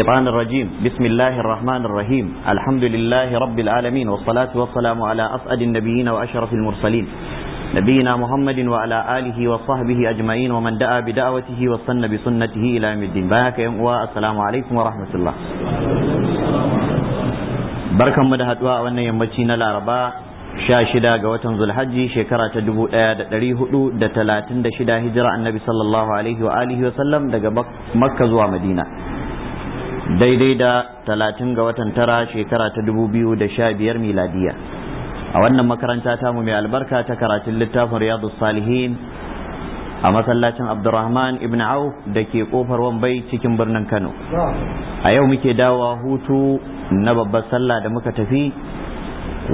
الشيطان الرجيم بسم الله الرحمن الرحيم الحمد لله رب العالمين والصلاة والسلام على أسعد النبيين وأشرف المرسلين نبينا محمد وعلى آله وصحبه أجمعين ومن دعا بدعوته وصن بسنته إلى يوم الدين بارك والسلام عليكم ورحمة الله بركة مدهت وأن يمتين العرباء sha shida ga watan zulhajji shekara ta dubu ɗaya da ɗari hudu da talatin da shida hijira annabi sallallahu alaihi wa alihi wa sallam daga makka zuwa madina daidai da talatin ga watan tara shekara ta dubu biyu da sha biyar miladiya a wannan makaranta ta mu mai albarka ta karatun littafin riyadu salihin a masallacin abdurrahman ibn auf da ke kofar wambai cikin birnin kano a yau muke dawowa hutu na babbar sallah da muka tafi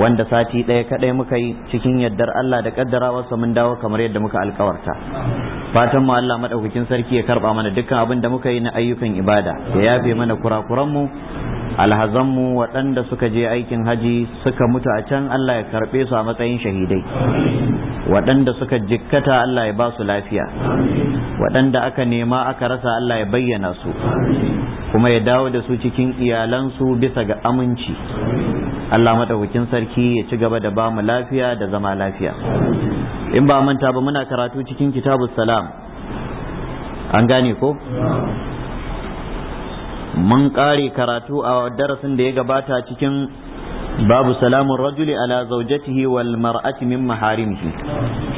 wanda sati ɗaya kaɗai muka yi cikin yaddar Allah da wasu mun dawo kamar yadda muka alkawarta fatanmu Allah madaukakin sarki ya karɓa mana dukkan abin da muka yi na ayyukan ibada ya yafe mana kurakuran mu alhazan mu waɗanda suka je aikin haji suka mutu a can Allah ya karɓe su a matsayin shahidai waɗanda suka jikkata Allah ya ba su lafiya waɗanda aka nema aka rasa Allah ya bayyana su kuma ya dawo da su cikin iyalansu bisa ga aminci Allah madaukakin sarki ya ci gaba da ba mu lafiya da zama lafiya in ba manta ba muna karatu cikin kitabus salam an gane ko mun kare karatu a darasin da ya gabata cikin babu salamun rajuli ala zaujatihi wal mar'ati min maharimihi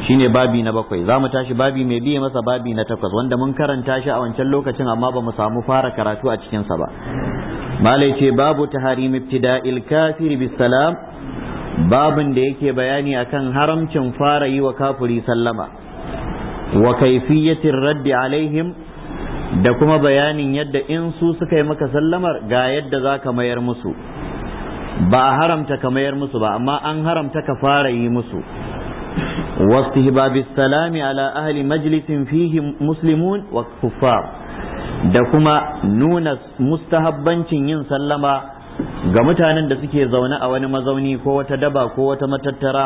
shine babi na bakwai za mu tashi babi mai biye masa babi na takwas wanda mun karanta shi a wancan lokacin amma ba mu samu fara karatu a cikinsa ba malai ce babu taharim ibtida'il kafir bis salam babin da yake bayani akan haramcin fara yi wa kafiri sallama wa kaifiyatir raddi alaihim da kuma bayanin yadda in su suka yi maka sallamar ga yadda za ka mayar musu ba a haramta ka mayar musu ba amma an haramta ka fara yi musu واستهباب ala ahli majlisin fihi muslimun wa kuffar da kuma nuna mustahabbancin yin sallama ga mutanen da suke zaune a wani mazauni ko wata daba ko wata matattara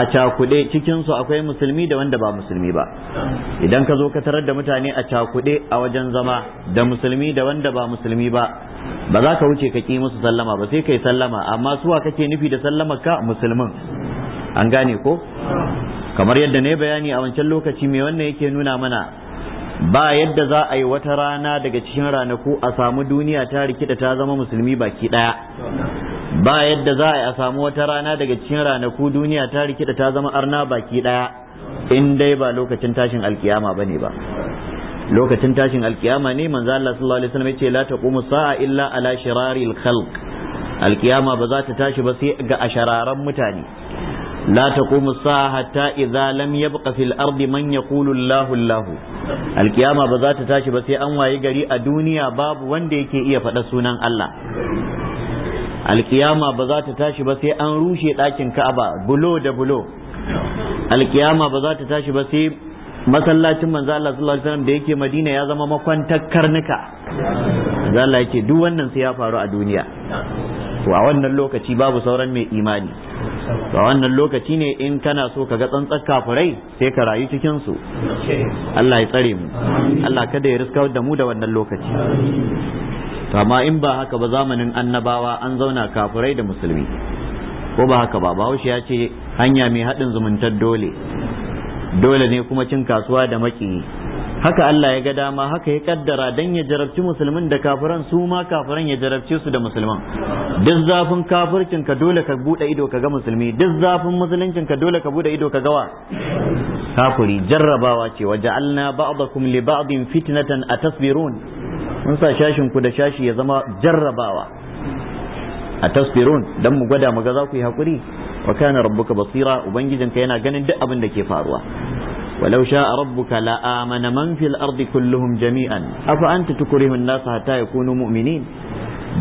a cakuɗe cikinsu akwai musulmi da wanda ba musulmi ba idan ka zo ka tarar da mutane a cakuɗe a wajen zama da musulmi da wanda ba musulmi ba ba za ka wuce ka ƙi musu sallama ba sai kai sallama amma suwa kake nufi da sallama ka musulmin an gane ko kamar yadda na ne bayani a wancan lokaci mai wannan yake nuna mana ba yadda za a yi wata rana daga cikin ranaku a samu duniya ta rikida ta zama musulmi baki daya ba yadda za a samu wata rana daga cikin ranaku duniya ta rikida ta zama arna baki daya in dai ba lokacin tashin alkiyama bane ba lokacin tashin alkiyama ne manzo Allah sallallahu alaihi wasallam yace la taqumu sa'a illa ala shiraril khalq alkiyama ba za ta tashi ba sai ga ashararan mutane la taqumu sa'a hatta idza lam yabqa fil ardi man yaqulu Allahu Allahu alkiyama ba za ta tashi ba sai an waye gari a duniya babu wanda yake iya faɗa sunan Allah alkiyama ba za ta tashi ba sai an rushe ɗakin Ka'aba bulo da bulo alkiyama ba za ta tashi ba sai masallacin manzo Allah sallallahu alaihi wasallam da yake Madina ya zama makwantar karnuka manzo Allah yake duk wannan sai ya faru a duniya to a wannan lokaci babu sauran mai imani a wannan lokaci ne in kana so ka ga tsantsar kafirai sai ka rayu cikin su Allah ya tsare mu Allah kada ya riska da mu da wannan lokaci to amma in ba haka ba zamanin annabawa an zauna kafirai da musulmi ko ba haka ba bahaushe ya ce hanya mai haɗin zumuntar dole dole ne kuma cin kasuwa da makiyi haka Allah ya ga dama haka ya kaddara dan ya jarabci musulmin da kafiran su ma kafiran ya jarabce su da musulman duk zafin kafircin ka dole ka bude ido ka ga musulmi duk zafin musuluncin ka dole ka bude ido ka ga wa kafiri jarrabawa ce waja'alna ba'dakum li ba'din fitnatan atasbirun mun sa shashin ku da shashi ya zama jarrabawa A atasbirun dan mu gwada mu ga za ku yi hakuri wa kana rabbuka basira ubangijin ka yana ganin duk abin da ke faruwa ولو شاء ربك لآمن من في الأرض كلهم جميعا أفأنت تكره الناس حتى يكونوا مؤمنين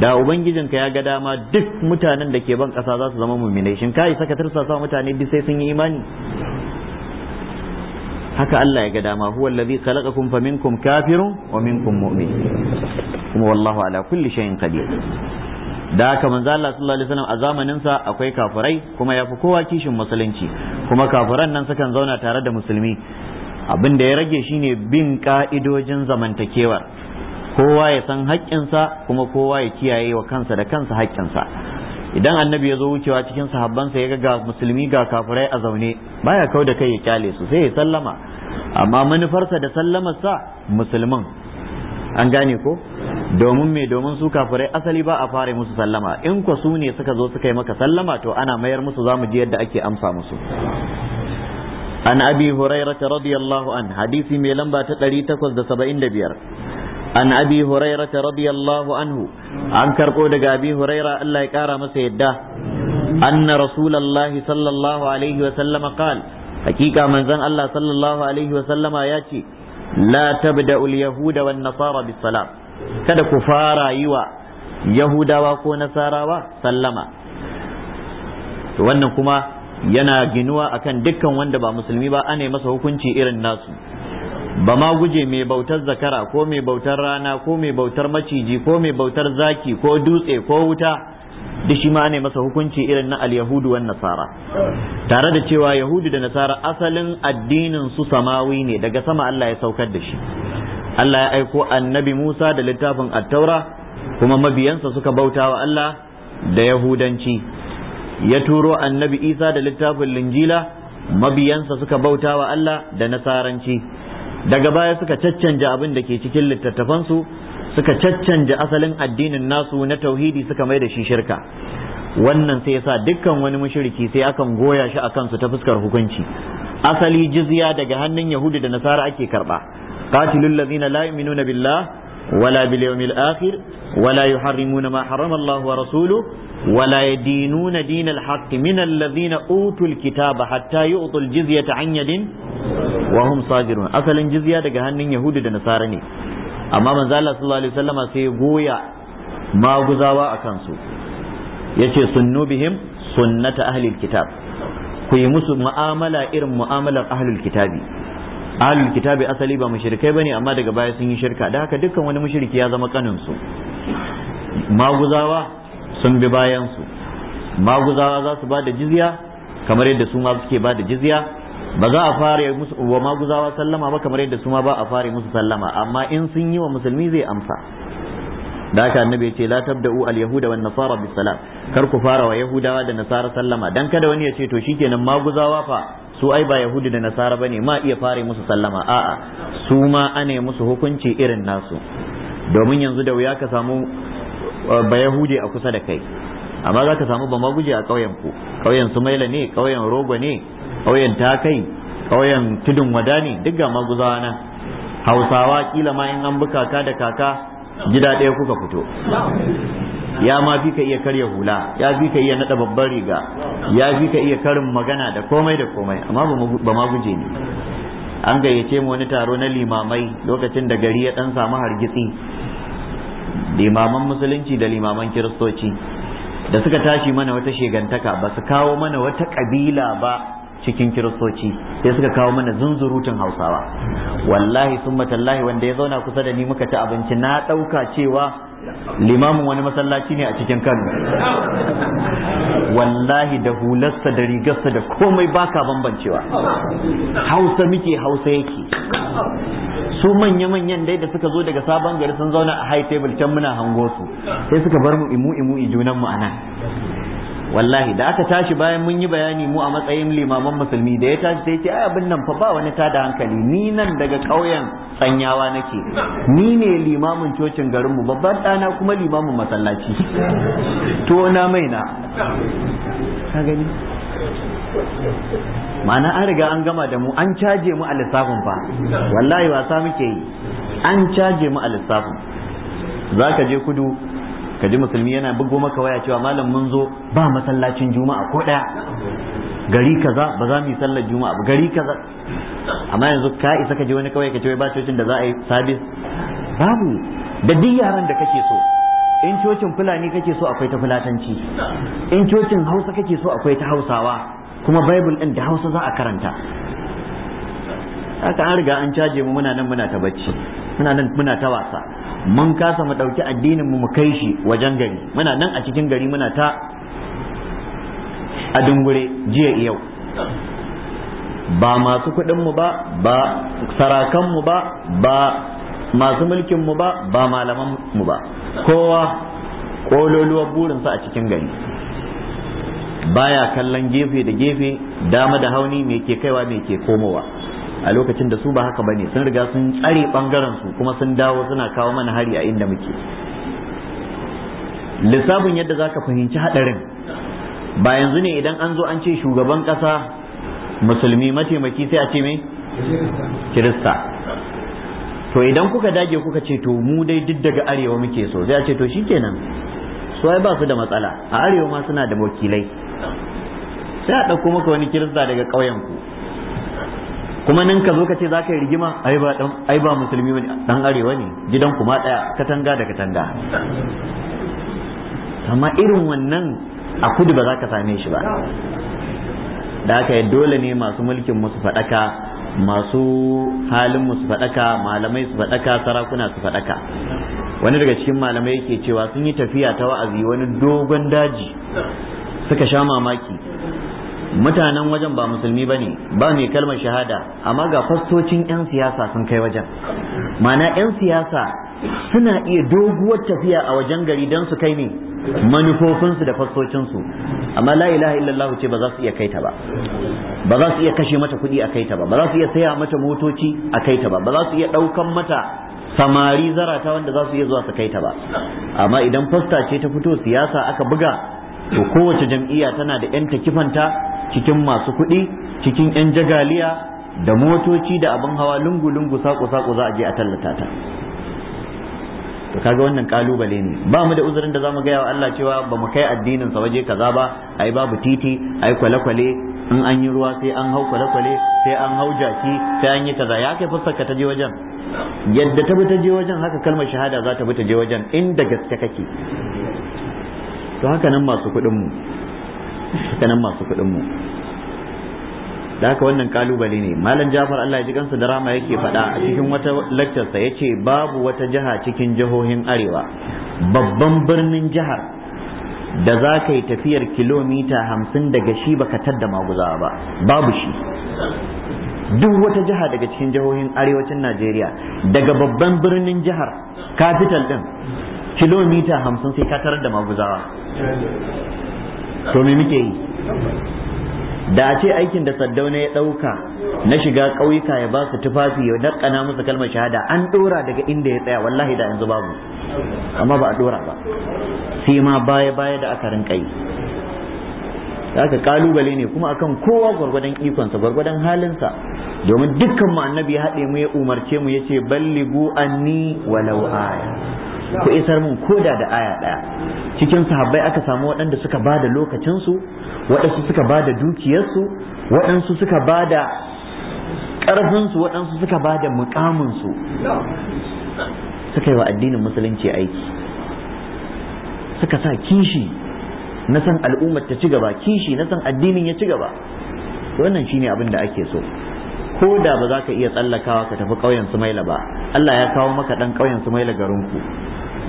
da ubangijinka ya ga dama duk mutanen da ke ban ƙasa za su zama muminai shin kai saka tirsasa mutane duk sai sun yi imani haka Allah ya ga dama huwa allazi khalaqakum faminkum kafirun wa minkum mu'min kuma wallahu ala kulli shay'in qadir da haka manzo Allah sallallahu alaihi wasallam a zamanin sa akwai kafirai kuma yafi kowa kishin musulunci kuma kafiran nan sukan zauna tare da musulmi abin da ya rage shine bin ka'idojin zamantakewar kowa ya san haƙƙinsa kuma kowa ya kiyaye wa kansa da kansa haƙƙinsa idan annabi ya zo wucewa cikin sahabbansa ya ga ga musulmi ga kafirai a zaune baya kau da kai ya kyale su sai ya sallama amma manufarsa da sallamarsa musulmin an gane ko domin me domin su kafirai asali ba a fara musu sallama in ku su ne suka zo suka yi maka sallama to ana mayar musu zamu ji yadda ake amsa musu an abi hurairata radiyallahu an hadisi mai lamba ta 875 an abi hurairata radiyallahu anhu an karɓo daga abi huraira Allah ya kara masa yadda anna rasulallahi sallallahu alaihi wa sallama qala hakika manzon Allah sallallahu alaihi wa sallama ya ce la تبدا اليهود والنصارى بالسلام kada ku fara yi wa yahudawa ko nasarawa sallama wannan kuma yana ginuwa akan dukkan wanda ba musulmi ba ana masa hukunci irin nasu ba ma guje mai bautar zakara ko mai bautar rana ko mai bautar maciji ko mai bautar zaki ko dutse ko wuta da shi ma ne masa hukunci irin na Alyahudu, yahudu wan nasara tare da cewa yahudu da nasara asalin addinin su samawi ne daga sama Allah ya saukar da shi Allah ya aiko annabi Musa da littafin at-taura kuma mabiyansa suka bauta wa Allah da yahudanci ya turo annabi Isa da littafin linjila mabiyansa suka bauta wa Allah da nasaranci daga baya suka caccanja abin da ke cikin littattafansu suka caccanja asalin addinin nasu na tauhidi suka mai da shi shirka wannan sai yasa dukkan wani mushriki sai akan goya shi akan su ta fuskar hukunci asali jiziya daga hannun Yahudu da nasara ake karba qatilul lazina la yu'minuna billah wala bil yawmil akhir wala yuharrimuna ma harrama Allah wa rasuluhu wala yadinuna dinal haqq min alladhina utul kitaba hatta yu'tul jizyata an yadin wa asalin jiziya daga hannun Yahudu da nasara ne amma manzo Allah sallallahu alaihi wasallama sai ya goya maguzawa a kansu yace sunnu bihim sunnata ahli alkitab ku yi musu mu'amala irin mu'amalar ahlul kitabi ahlul kitabi asali ba mushrikai bane amma daga baya sun yi shirka da haka dukkan wani mushriki ya zama kanin su maguzawa sun bi bayan su maguzawa za su ba da jizya kamar yadda su ma suke bada da jizya ba za a fara musu wa maguzawa sallama ba kamar yadda su ma ba a fara musu sallama amma in sun yi wa musulmi zai amsa da haka annabi ya ce la tabda'u al yahuda wan nasara bis salam kar ku fara wa yahudawa da nasara sallama dan kada wani ya ce to shikenan maguzawa fa su ai ba yahudi da nasara bane ma iya fara musu sallama a'a su ma ane musu hukunci irin nasu domin yanzu da wuya ka samu uh, ba yahudi a kusa da kai amma za ka samu ba guje a ƙauyen ku ƙauyen sumaila ne ƙauyen rogo ne ƙauyen takai ƙauyen tudun wada ne duk ga maguzawa nan hausawa kila ma in an bi kaka da kaka gida ɗaya kuka fito ya ma fi ka iya karya hula ya fi ka iya naɗa babbar riga ya fi ka iya karin magana da komai da komai amma ba guje ne an gayyace mu wani taro na limamai lokacin da gari ya ɗan samu hargitsi limaman musulunci da limaman kiristoci da suka tashi mana wata shegantaka ba su kawo mana wata kabila ba cikin kiristoci sai suka kawo mana zunzurutun hausawa wallahi sun matallahi wanda ya zauna kusa da ni muka ci abinci na ɗauka cewa limamin wani masallaci ne a cikin kano wallahi da hularsa da rigarsa da komai baka bambancewa hausa muke hausa yake su manya-manyan dai da suka zo daga sabon gari sun zauna a high table can muna hango su sai suka bar mu imu imu i junan mu anan wallahi da aka tashi bayan mun yi bayani mu a matsayin limaman musulmi da ya tashi sai ce abin nan fa ba wani tada hankali ni nan daga ƙauyen tsanyawa nake ni ne limamin cocin garinmu babban ɗana kuma limamin masallaci to na mai na ka gani ma'ana an riga an gama da mu an caje mu a lissafin fa wallahi wasa muke yi an caje mu a lissafin za ka je kudu ka ji musulmi yana bugo maka waya cewa malam mun zo ba masallacin juma'a ko daya gari kaza ba za mu yi sallar juma'a ba gari kaza amma yanzu ka isa ka je wani kawai ka ce ba cocin da za a yi sabis babu da duk yaran da kake so in cocin fulani kake so akwai ta fulatanci in cocin hausa kake so akwai ta hausawa kuma bible din da hausa za a karanta haka an riga an caje mu muna nan muna ta bacci muna nan muna ta wasa mun kasa mu ɗauki addinin mu kai shi wajen gari muna nan a cikin gari muna ta a dungure jiya yau ba masu kuɗin mu ba ba sarakan mu ba ba masu mulkin mu ba ba malaman mu ba kowa ƙololuwar burinsa a cikin gari baya kallon gefe da gefe dama da hauni me ke kaiwa me ke komowa a lokacin da su ba haka bane sun riga sun tsare bangaren su kuma sun dawo suna kawo mana hari a inda muke lissafin yadda za ka fahimci hadarin ba yanzu ne idan an zo an ce shugaban kasa musulmi mataimaki sai a ce me kirista to idan kuka dage kuka ce to mu dai duk daga arewa muke so sai a ce to shikenan su ai ba su da matsala a arewa ma suna da wakilai sai a ɗauko maka wani kirista daga ƙauyen ku kuma nan ka zo ka ce za ka yi rigima ai ba musulmi bane dan arewa ne gidan kuma daya katanga da katanga amma irin wannan a kudu ba za ka same shi ba da aka yi dole ne masu mulkin musu faɗaka masu halin musu faɗaka malamai su faɗaka sarakuna su faɗaka wani daga cikin malamai yake cewa sun yi tafiya ta wa'azi wani dogon daji suka sha mamaki mutanen wajen ba musulmi ba ne ba mai kalmar shahada amma ga fastocin 'yan siyasa sun kai wajen mana 'yan siyasa suna iya doguwar tafiya a wajen gari don su kai ne manufofinsu da fastocinsu amma la ilaha illallah ce ba za su iya kai ta ba ba za su iya kashe mata kuɗi a kai ta ba ba za su iya saya mata motoci a kai ta ba ba za su iya ɗaukan mata samari zarata wanda za su iya zuwa su kai ta ba amma idan fasta ce ta fito siyasa aka buga to kowace jam'iyya tana da 'yan kifanta cikin masu kuɗi cikin 'yan jagaliya da motoci da abin hawa lungu-lungu sako-sako za a je a tallata ta to kaga wannan kalubale ne ba mu da uzurin da zamu gaya wa Allah cewa ba mu kai addinin sa waje kaza ba ai babu titi ai kwale-kwale in an yi ruwa sai an hau kwale-kwale sai an hau jaki sai an yi kaza ya kai fuskar ta je wajen yadda ta bi ta je wajen haka kalmar shahada za ta bi ta je wajen inda gaske kake to haka nan masu kuɗin mu haka nan masu kuɗin mu da haka wannan kalubale ne malam jafar allah ya ji kansa da rama yake faɗa a cikin wata lakcarsa ya ce babu wata jiha cikin jihohin arewa babban birnin jihar da za ka yi tafiyar kilomita hamsin daga shi baka tadda maguza ba babu shi duk wata jiha daga cikin jihohin arewacin najeriya daga babban birnin jihar capital din kilomita hamsin sai ka tarar da maguzawa to muke yi da a ce aikin da saddauna ya ɗauka na shiga ƙauyuka ya ba su tufafi ya na musu kalmar shahada an ɗora daga inda ya tsaya wallahi da yanzu babu amma ba a ɗora ba sai ma baya baya da aka rinka yi aka kalubale ne kuma akan kowa gwargwadon ikonsa gwargwadon halinsa domin dukkan mu annabi ya haɗe mu ya umarce mu ya ce ballighu anni walau aya ku isar mun koda da aya daya cikin sahabbai aka samu waɗanda suka ba da lokacinsu waɗansu suka ba da dukiyarsu waɗansu suka ba da ƙarfinsu waɗansu suka ba da Su suka yi wa addinin musulunci aiki suka sa kishi na san al'ummar ta ci gaba kishi na san addinin ya ci gaba wannan shine abin da ake so ko da ba za ka iya tsallakawa ka tafi ƙauyen Sumaila ba Allah ya kawo maka ɗan ƙauyen Sumaila garinku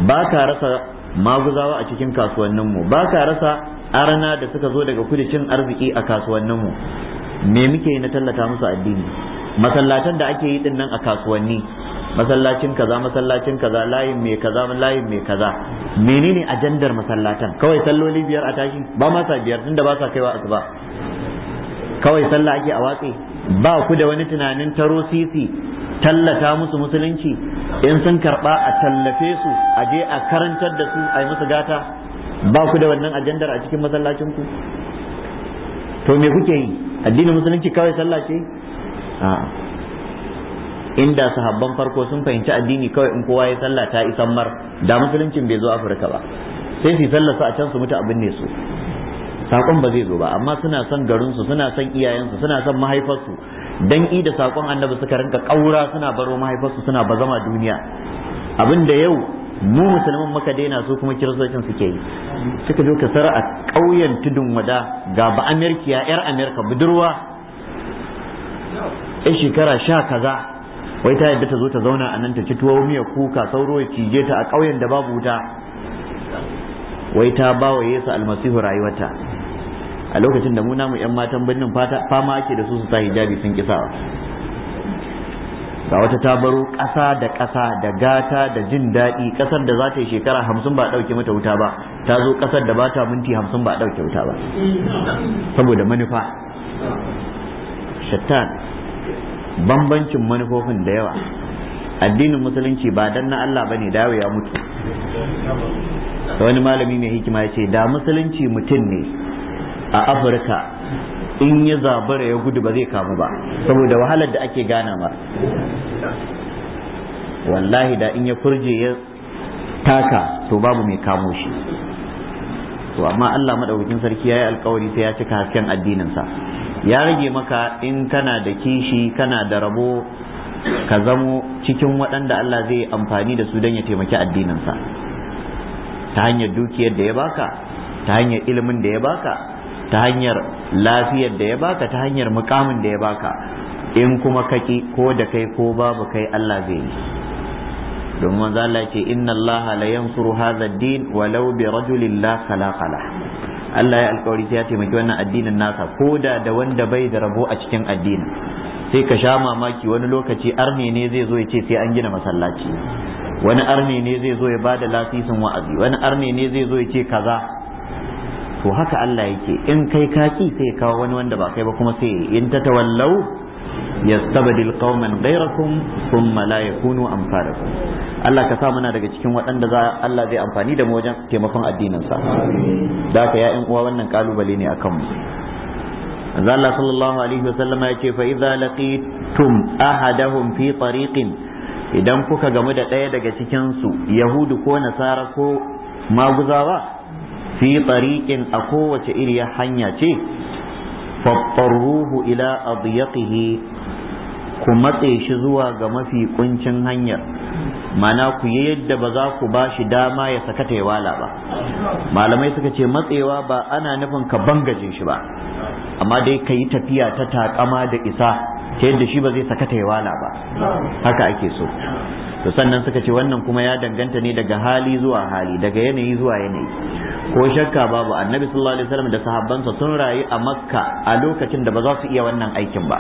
ba ka rasa maguzawa a cikin kasuwanninmu ba ka rasa arana da suka zo daga cin arziki a kasuwanninmu me muke yi na tallata musu addini masallatan da ake yi dinnan a kasuwanni masallacin kaza masallacin kaza layin mai kaza layin mai kaza menene ajandar masallatan kawai salloli biyar a tashi ba ma sa biyar tunda ba sa kaiwa asuba kawai sallah ake a watsi ba ku da wani tunanin taro sisi tallata musu musulunci in sun karɓa a tallafe su a je a karantar da su a yi musu gata ba ku da wannan ajandar a cikin masallacin to me kuke yi addinin musulunci kawai sallah ce inda sahabban farko sun fahimci addini kawai in kowa ya sallah ta isan mar da musuluncin bai zo afirka ba sai su sallah su a can su mutu abin ne su sakon ba zai zo ba amma suna son garinsu suna son iyayensu suna son mahaifarsu dan i da sakon annabi suka rinka kaura suna baro mahaifarsu suna bazama duniya abin da yau mu musulman muka daina su kuma kiristocin suke yi suka zo kasar a ƙauyen tudun wada ga ba amerikiya yar amerika budurwa yan shekara sha kaza wai ta yadda ta zo ta zauna a nan ta ci tuwo miya kuka sauro ya cije ta a ƙauyen da babu wuta wai ta ba wa yesu almasihu rayuwarta a lokacin da mu namu yan matan birnin fama ake da su su sa hijabi sun kisa ga wata ta baro ƙasa da ƙasa da gata da jin daɗi ƙasar da za ta yi shekara hamsin ba a ɗauke mata wuta ba ta zo ƙasar da ba ta minti hamsin ba a ɗauke wuta ba saboda manufa shattan bambancin manufofin da yawa addinin musulunci ba dan na Allah bane dawo ya mutu wani malami mai hikima ya ce da musulunci mutum ne a afirka in ya zabara ya gudu ba zai kamu ba saboda wahalar da ake gana ma wallahi da in ya kurje ya taka to babu mai kamo shi to amma Allah madaukakin sarki ya yi alkawari sai ya cika hasken addininsa ya rage maka in kana da kishi kana da rabo ka zamo cikin waɗanda Allah zai amfani da su don ya taimaki addininsa ta hanyar dukiyar da ya baka ta hanyar ilimin da ya baka ta hanyar lafiyar da ya baka ta hanyar mukamin da ya baka in kuma kaki ko da kai ko babu kai Allah zai yi domin manzo Allah ce inna Allah la yansuru hadha ad-din walau bi rajulin la khalaqala Allah ya alƙawari sai ya taimaki wannan addinin nasa ko da da wanda bai da rabo a cikin addinin sai ka sha mamaki wani lokaci arne ne zai zo ya ce sai an gina masallaci wani arne ne zai zo ya bada lasisin wa'azi wani arne ne zai zo ya ce kaza to haka Allah yake in kai kaki sai kawo wani wanda ba kai ba kuma sai in ta tawallau yastabdil qauman ghayrakum thumma la yakunu amsalakum Allah ka sa muna daga cikin waɗanda za Allah zai amfani da mu wajen taimakon addinin sa da ka ya uwa wannan kalubale ne akan mu manzo Allah sallallahu alaihi wasallama ya ce fa idza laqitum ahadahum fi tariqin idan kuka gamu da ɗaya daga cikin su yahudu ko nasara ko maguzawa fi tariqin a kowace iriya hanya ce fattaruhu ila adiyaqihi ku matse shi zuwa ga mafi kuncin hanyar mana ku yi yadda ba za ku ba shi dama ya saka ta wala ba malamai suka ce matsewa ba ana nufin ka bangaje shi ba amma dai ka yi tafiya ta takama da isa ta yadda shi ba zai saka ta wala ba haka ake so to sannan suka ce wannan kuma ya danganta ne daga hali zuwa hali daga yanayi zuwa yanayi ko shakka babu annabi sallallahu alaihi wasallam da sahabbansa sun rayu a makka a lokacin da ba za su iya wannan aikin ba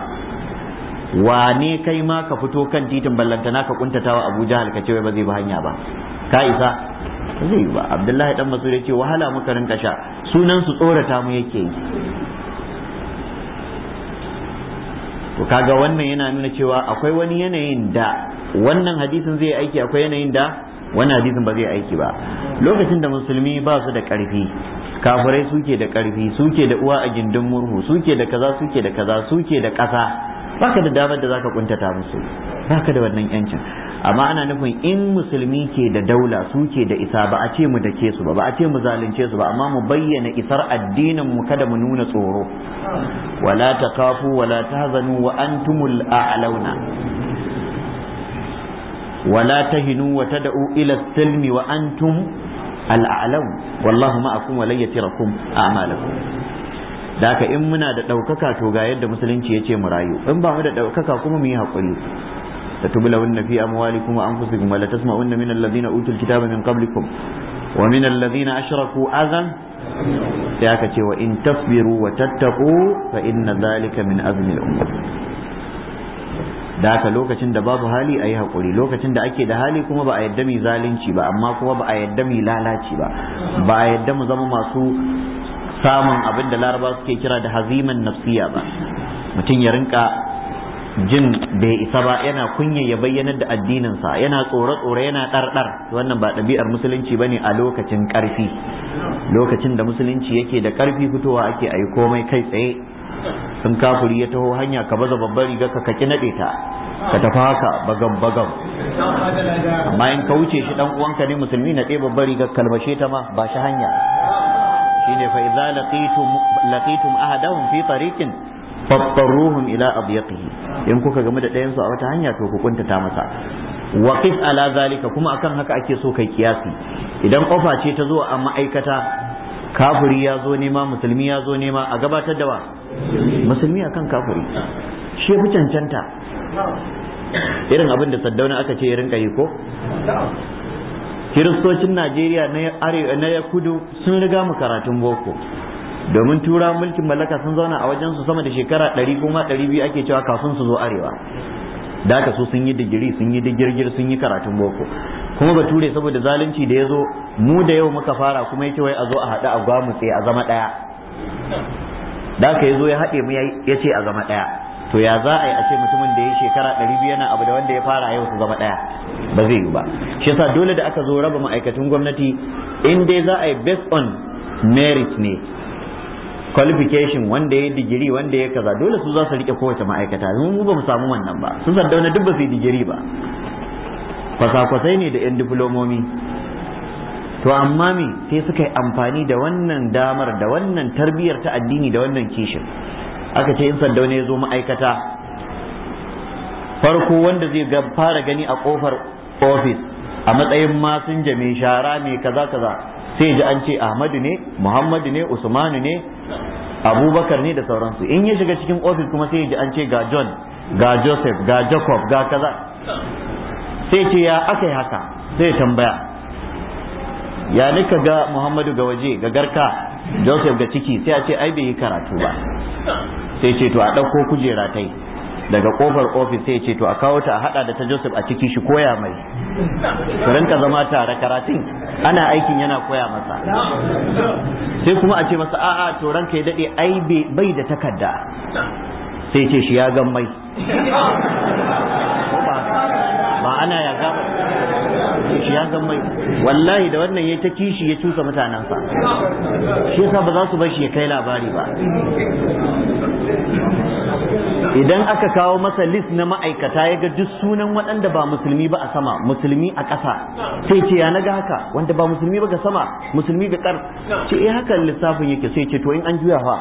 wane kai ma ka fito kan titin ballantana ka kuntatawa abu jahal ka ce ba zai bi hanya ba ka isa zai ba abdullahi dan masu ya ce wahala muka rinka sha sunan su tsorata mu yake yi to kaga wannan yana nuna cewa akwai wani yanayin da wannan hadisin zai aiki akwai yanayin da wannan hadisin ba zai aiki ba lokacin da musulmi ba su da karfi kafirai suke da karfi suke da uwa a gindin murhu suke da kaza suke da kaza suke da kasa baka da damar da zaka kuntata musu baka da wannan yancin amma ana nufin in musulmi ke da daula suke da isa ba a ce mu dake su ba ba a ce mu zalunce su ba amma mu bayyana isar addinin mu kada mu nuna tsoro wala takafu wala tahzanu wa antumul a'launa ولا تهنوا وتدعوا إلى السلم وأنتم الأعلون والله معكم ولن يتركم أعمالكم daka in muna da ɗaukaka to ga yadda musulunci ya ce mu rayu in ba mu da ɗaukaka kuma mu yi haƙuri ta tubula wunna fi amwalikum wa anfusikum wa la tasma'unna min alladhina utul kitabu min qablikum wa min alladhina ashraku azan ya aka ce wa in tasbiru wa tattaqu fa inna zalika min azmi al da haka lokacin da babu hali a yi haƙuri lokacin da ake da hali kuma ba a yadda mai zalunci ba amma kuma ba a yadda mai lalaci ba ba a yadda mu zama masu samun abin da laraba suke kira da haziman nafsiya ba mutum ya rinka jin bai isa ba yana kunya ya bayyana da addininsa yana tsore-tsore yana ɗarɗar wannan ba ɗabi'ar musulunci ba ne a lokacin ƙarfi lokacin da musulunci yake da ƙarfi fitowa ake a yi komai kai tsaye in kafuri ya taho hanya ka baza babbar riga ka kaki nade ta ka tafi haka bagan bagan amma in ka wuce shi dan uwanka ne musulmi na ɗaya babbar riga kalmashe ta ma ba shi hanya shine fa idza laqitum laqitum ahadahum fi tariqin fattaruhum ila abyaqihi in kuka game da ɗayan su a wata hanya to ku kuntata masa waqif ala zalika kuma akan haka ake so kai kiyasi idan kofa ce ta zo a ma'aikata Kafuri ya zo nema musulmi ya zo nema a gabatar da wa musulmi akan kafiri shi fi cancanta irin abin da saddauna aka ce ya yi ko kiristocin najeriya na ya kudu sun riga mu karatun boko domin tura mulkin mallaka sun zauna a wajen su sama da shekara ɗari kuma ɗari ake cewa kafin su zo arewa da aka so sun yi digiri sun yi digirgir sun yi karatun boko kuma ba ture saboda zalunci da ya zo mu da yau muka fara kuma yake wai a zo a haɗu a gwamutse a zama ɗaya da ka zo ya haɗe mu ya ce a zama ɗaya to ya za a yi a ce mutumin da ya shekara ɗari biyu yana abu da wanda ya fara yau su zama ɗaya ba zai yi ba shi yasa dole da aka zo raba ma'aikatan gwamnati in dai za a yi based on merit ne qualification wanda ya digiri wanda ya kaza dole su za su rike kowace ma'aikata mu ba mu samu wannan ba su sardauna duk ba su yi digiri ba kwasa-kwasai ne da 'yan diflomomi to amma me sai suka yi amfani da wannan damar da wannan tarbiyyar ta addini da wannan kishin aka ce in sanda ya zo ma'aikata farko wanda zai fara gani a kofar ofis a matsayin masinja mai shara mai kaza kaza sai ji an ce ahmadu ne muhammadu ne usmanu ne abubakar ne da sauransu in ya shiga cikin ofis kuma sai ji an ce ga john ga joseph ga jacob ga kaza sai ce ya aka yi haka sai tambaya ya nika ga muhammadu ga waje ga garka joseph ga ciki sai a ce ai bai yi karatu ba sai ce to a ɗauko kujera yi daga kofar ofis sai ce to a kawo ta a hada da ta joseph a ciki shi koya mai turin ka zama tare karatun ana aikin yana koya masa sai kuma a ce masa a'a to ranka ya daɗe ai bai da takarda sai ce shi ya gan mai ba ana ya ya zan mai wallahi da wannan ya ta kishi ya cusa mutanensa shi yasa ba za su bar shi ya kai labari ba idan aka kawo masa list na ma'aikata ya ga duk sunan waɗanda ba musulmi ba a sama musulmi a ƙasa sai ce ya naga ga haka wanda ba musulmi ba ga sama musulmi ga ƙar ce eh haka lissafin yake sai ce to in an juya fa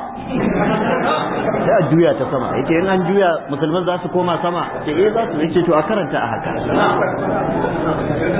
sai a juya ta sama yake in an juya musulman za su koma sama ce eh za su ce to a karanta a haka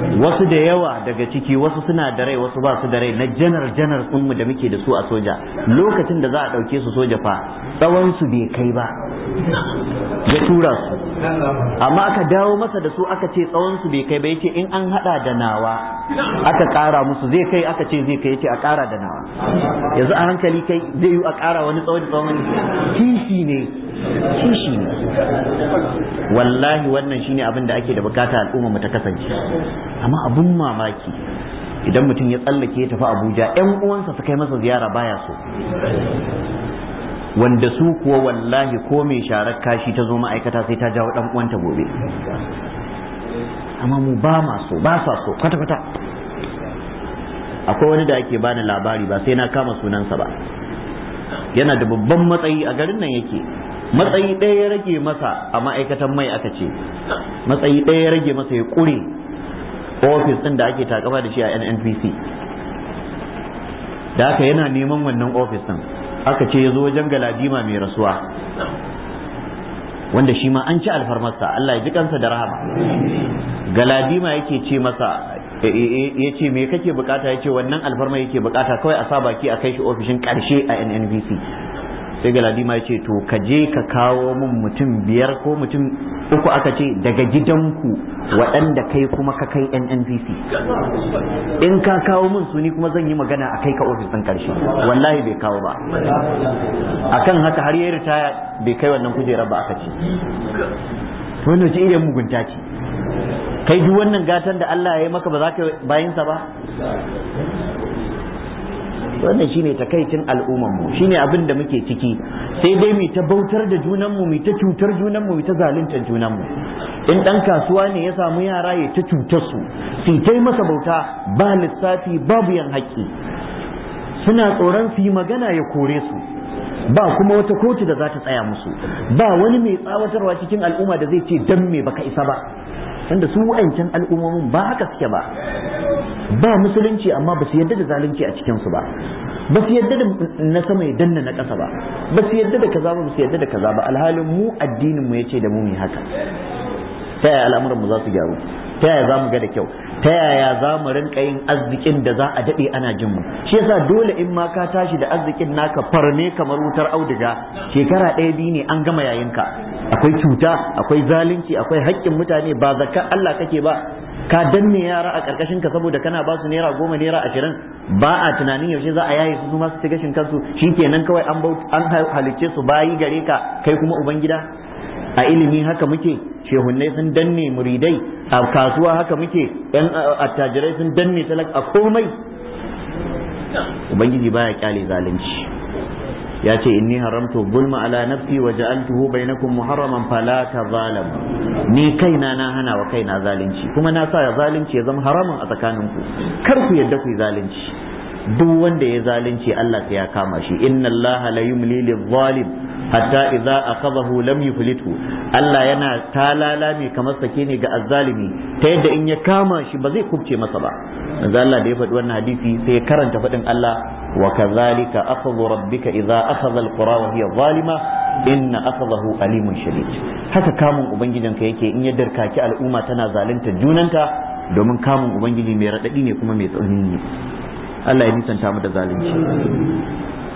wasu da yawa daga ciki wasu suna da rai wasu ba su da rai na janar janar mu da muke da su a soja lokacin da za a ɗauke su soja fa tsawon su bai kai ba ya tura su amma aka dawo masa da su aka ce tsawon su bai kai ba yace in an hada da nawa aka ƙara musu zai kai aka ce zai kai yace a ƙara da nawa yanzu a hankali kai zai yi a ƙara wani tsawon tsawon kishi ne kishi ne wallahi wannan shine abin da ake da bukata al'umma mu ta kasance amma abun mamaki idan mutum ya tsallake tafi abuja yan uwansa su kai masa ziyara baya so wanda su kuwa wallahi ko mai sharar kashi ta zo ma'aikata sai ta jawo dan uwanta gobe amma mu ba ma so ba sa so kwata kwata akwai wani da ake bani labari ba sai na kama sunansa ba yana da babban matsayi a garin nan yake matsayi ɗaya ya rage masa a ma'aikatan mai aka ce matsayi ɗaya ya rage masa ya ƙure ofis ɗin da ake takaba da shi a nnpc da aka yana neman wannan ofis ɗin aka ce ya zo wajen galadima mai rasuwa wanda shi ma an ci alfarmarsa Allah ya ji kansa da rahama galadima yake ce masa e, e, e, ya ce me kake bukata ya ce wannan alfarma yake bukata kawai a sa baki a kai shi ofishin karshe a nnpc sai galadima ya ce to ka je ka kawo mun mutum biyar ko mutum uku aka ce daga gidanku waɗanda kai kuma ka kai NNPC in ka kawo mun su ni kuma zan yi magana a kai ka ofis ɗin ƙarshe wallahi bai kawo ba a kan haka har ya ritaya bai kai wannan kujerar ba aka ce wannan ce iya mugunta ce kai duk wannan gatan da Allah ya yi maka ba za ka bayinsa ba wannan shine takaicin al'umman mu shine abin da muke ciki sai dai mu ta bautar da junan mu mu ta cutar junan mu mu ta zalunta junan mu in dan kasuwa ne ya samu yara ya ta cutar su su ta masa bauta ba lissafi babu yan haƙƙi suna tsoron su yi magana ya kore su ba kuma wata kotu da za ta tsaya musu ba wani mai tsawatarwa cikin al'umma da zai ce dan me baka isa ba tunda su wa'ancan al'ummomin ba haka suke ba ba musulunci amma ba su yadda da zalunci a cikinsu ba ba su yadda da na sama ya danna na ƙasa ba ba su yadda da kaza ba ba su yadda da kaza ba alhalin mu addinin mu yace da mu mai haka ta yaya al'amuran mu za su gyaru ta yaya za mu ga da kyau ta yaya za mu rinka yin arzikin da za a daɗe ana jin mu shi yasa dole in ma ka tashi da arzikin naka farne kamar wutar auduga shekara ɗaya biyu ne an gama yayinka akwai cuta akwai zalunci akwai haƙƙin mutane ba zakka Allah kake ba ka danne yara a ƙarƙashin ka saboda kana ba su naira goma naira ashirin ba a tunanin yaushe za a yaye su kuma su ci gashin kansu shikenan kawai an an halicce su bayi gare ka kai kuma ubangida a ilimi haka muke shehunnai sun danne muridai a kasuwa haka muke yan attajirai sun danne talak a komai ubangiji baya kyale zalunci ya ce inni haramtu zulma ala nafsi wa ja'altuhu bainakum muharraman fala tazalam ni kaina na hana wa kaina zalunci kuma na sa zalunci ya zama haramun a tsakanin ku kar ku yadda ku zalunci duk wanda ya zalunci Allah sai ya kama shi innallaha Allah la yumli lil zalim hatta idza akhadahu lam yuflithu Allah yana talala ne kamar sake ne ga azzalimi ta yadda in ya kama shi ba zai kubce masa ba manzo Allah da ya faɗi wannan hadisi sai ya karanta faɗin Allah wa kadhalika akhadhu rabbika idza akhadha alqura wa hiya zalima inna akhadahu alimun shadid haka kamun ubangijinka yake in ya darkaki al'umma tana zalunta junanta domin kamun ubangiji mai raɗaɗi ne kuma mai tsanani Allah ya nisanta mu da zalunci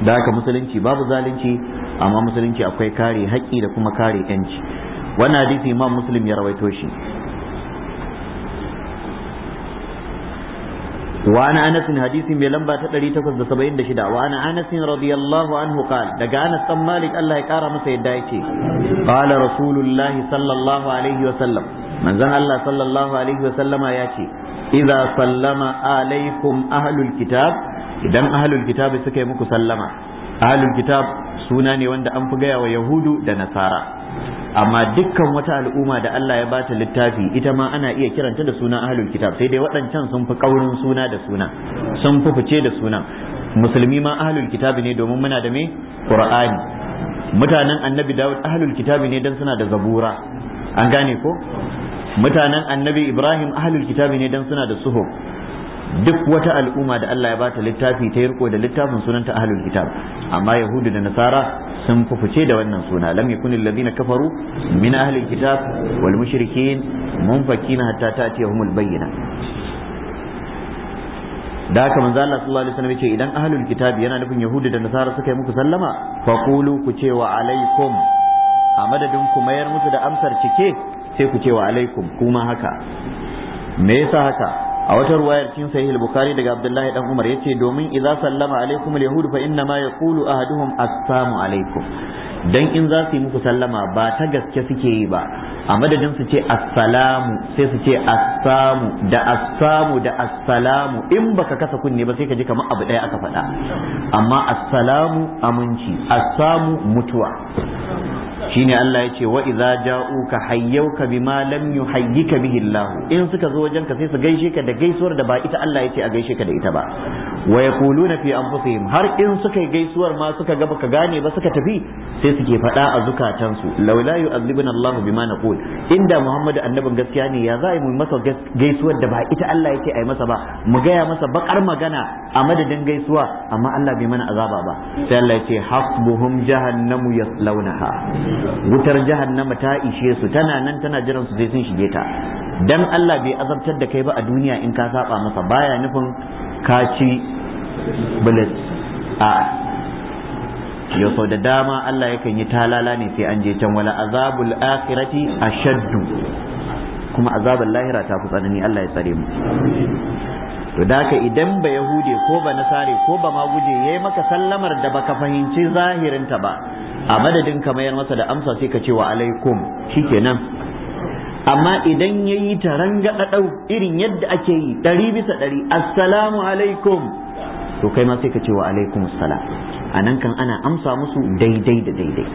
da haka musulunci babu zalunci amma musulunci akwai kare haƙƙi da kuma kare yanci wannan hadisi imam muslim ya rawaito shi وعن انس حديث من لمبا تدري تكوز سبعين دشدا وعن انس رضي الله عنه قال دقا انس بن مالك الله يقارى مسا قال رسول الله صلى الله عليه وسلم من زن الله صلى الله عليه وسلم ياتي اذا سلم عليكم اهل الكتاب idan ahlul kitab suka yi muku sallama ahlul kitab suna ne wanda an fi gaya wa yahudu da nasara amma dukkan wata al'umma da Allah ya bata littafi ita ma ana iya kiranta da suna ahlul kitab sai dai waɗancan sun fi kaurin suna da suna sun fi fice da suna musulmi ma ahlul kitab ne domin muna da me qur'ani mutanen annabi dawud ahlul kitab ne dan suna da zabura an gane ko mutanen annabi ibrahim ahlul kitab ne dan suna da suhuf duk wata al'umma da Allah ya bata littafi ta riko da littafin sunanta ahlul kitab amma yahudu da nasara sun fufuce da wannan suna lam yakunil ladina kafaru min ahlil kitab wal mushrikin munfakin hatta ta'tiyahumul bayyina da haka manzo Allah sallallahu alaihi wasallam yace idan ahlul kitab yana nufin yahudu da nasara suka yi muku sallama faqulu ku ce wa alaikum a madadin ku mayar musu da amsar cike sai ku ce wa alaikum kuma haka me yasa haka a wata ruwayar cikin sahih al-bukhari daga abdullahi dan umar yace domin idza sallama alaikum al-yahud fa inna ma yaqulu ahaduhum assalamu alaikum dan in za su yi muku sallama ba ta gaske suke yi ba a madadin su ce assalamu sai su ce assamu da assamu da assalamu in baka kasa kunne ba sai ka ji kamar abu daya aka faɗa amma assalamu aminci assamu mutuwa shine Allah ya ce wa idza ja'uka hayyuka bima lam yuhayyika bihi Allah in suka zo wajen ka sai su gaishe ka da gaisuwar da ba ita Allah ya ce a gaishe ka da ita ba wa yaquluna fi anfusihim har in suka yi gaisuwar ma suka ga baka gane ba suka tafi sai suke faɗa a zukatansu laula yu'adhibuna Allah bima naqul inda Muhammadu annabin gaskiya ne ya za a yi mu masa gaisuwar da ba ita Allah yake a yi masa ba mu gaya masa bakar magana a madadin gaisuwa amma Allah bai mana azaba ba sai Allah ya ce hasbuhum jahannamu yaslaunaha wutar jahannama ta ishe su tana nan tana jiran su sai sun shige ta dan Allah bai azabtar da kai ba a duniya in ka saba masa baya nufin ka ci bilis a ya so da dama Allah yakan yi talala ne sai an je can wala azabul akhirati ashaddu kuma azabul lahira ta fi tsanani Allah ya tsare mu to da idan ba yahude ko ba nasare ko ba maguje yayi maka sallamar da baka fahimci zahirinta ba a madadin ka mayar masa da amsa sai ka ce wa alaikum shikenan amma idan ya yi taron gaɗaɗau irin yadda ake yi ɗari bisa ɗari assalamu alaikum to kai ma sai ka ce wa alaikum salam a nan kan ana amsa musu daidai da daidai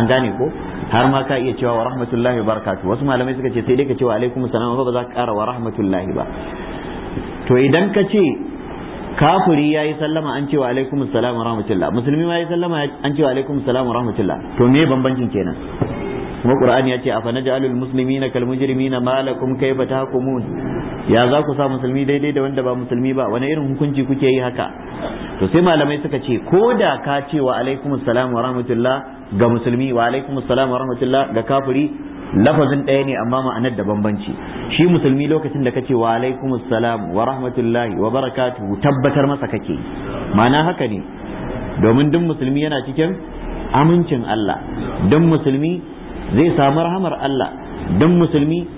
an gane ko har ma ka iya cewa wa rahmatullahi barakatu wasu malamai suka ce sai dai ka ce wa alaikum salam ba za ka ƙara wa rahmatullahi ba to idan ka ce kafuri ya yi sallama an cewa alaikum assalam wa rahmatullah musulmi ma yi sallama an cewa alaikum assalam wa rahmatullah to me bambancin kenan kuma qur'ani yace afa naj'alul muslimina kal mujrimina ma lakum kayfa tahkumun ya za ku sa musulmi daidai da wanda ba musulmi ba wani irin hukunci kuke yi haka to sai malamai suka ce ko da ka ce wa alaikum assalam wa rahmatullah ga musulmi wa alaikum assalam wa rahmatullah ga kafuri. lafazin ɗaya ne amma ma'anar da bambanci shi musulmi lokacin da kace wa alaikumus salam wa rahmatullahi wa barakatuhu tabbatar masa kake ma'ana haka ne domin duk musulmi yana cikin amincin Allah duk musulmi zai samu rahamar Allah duk musulmi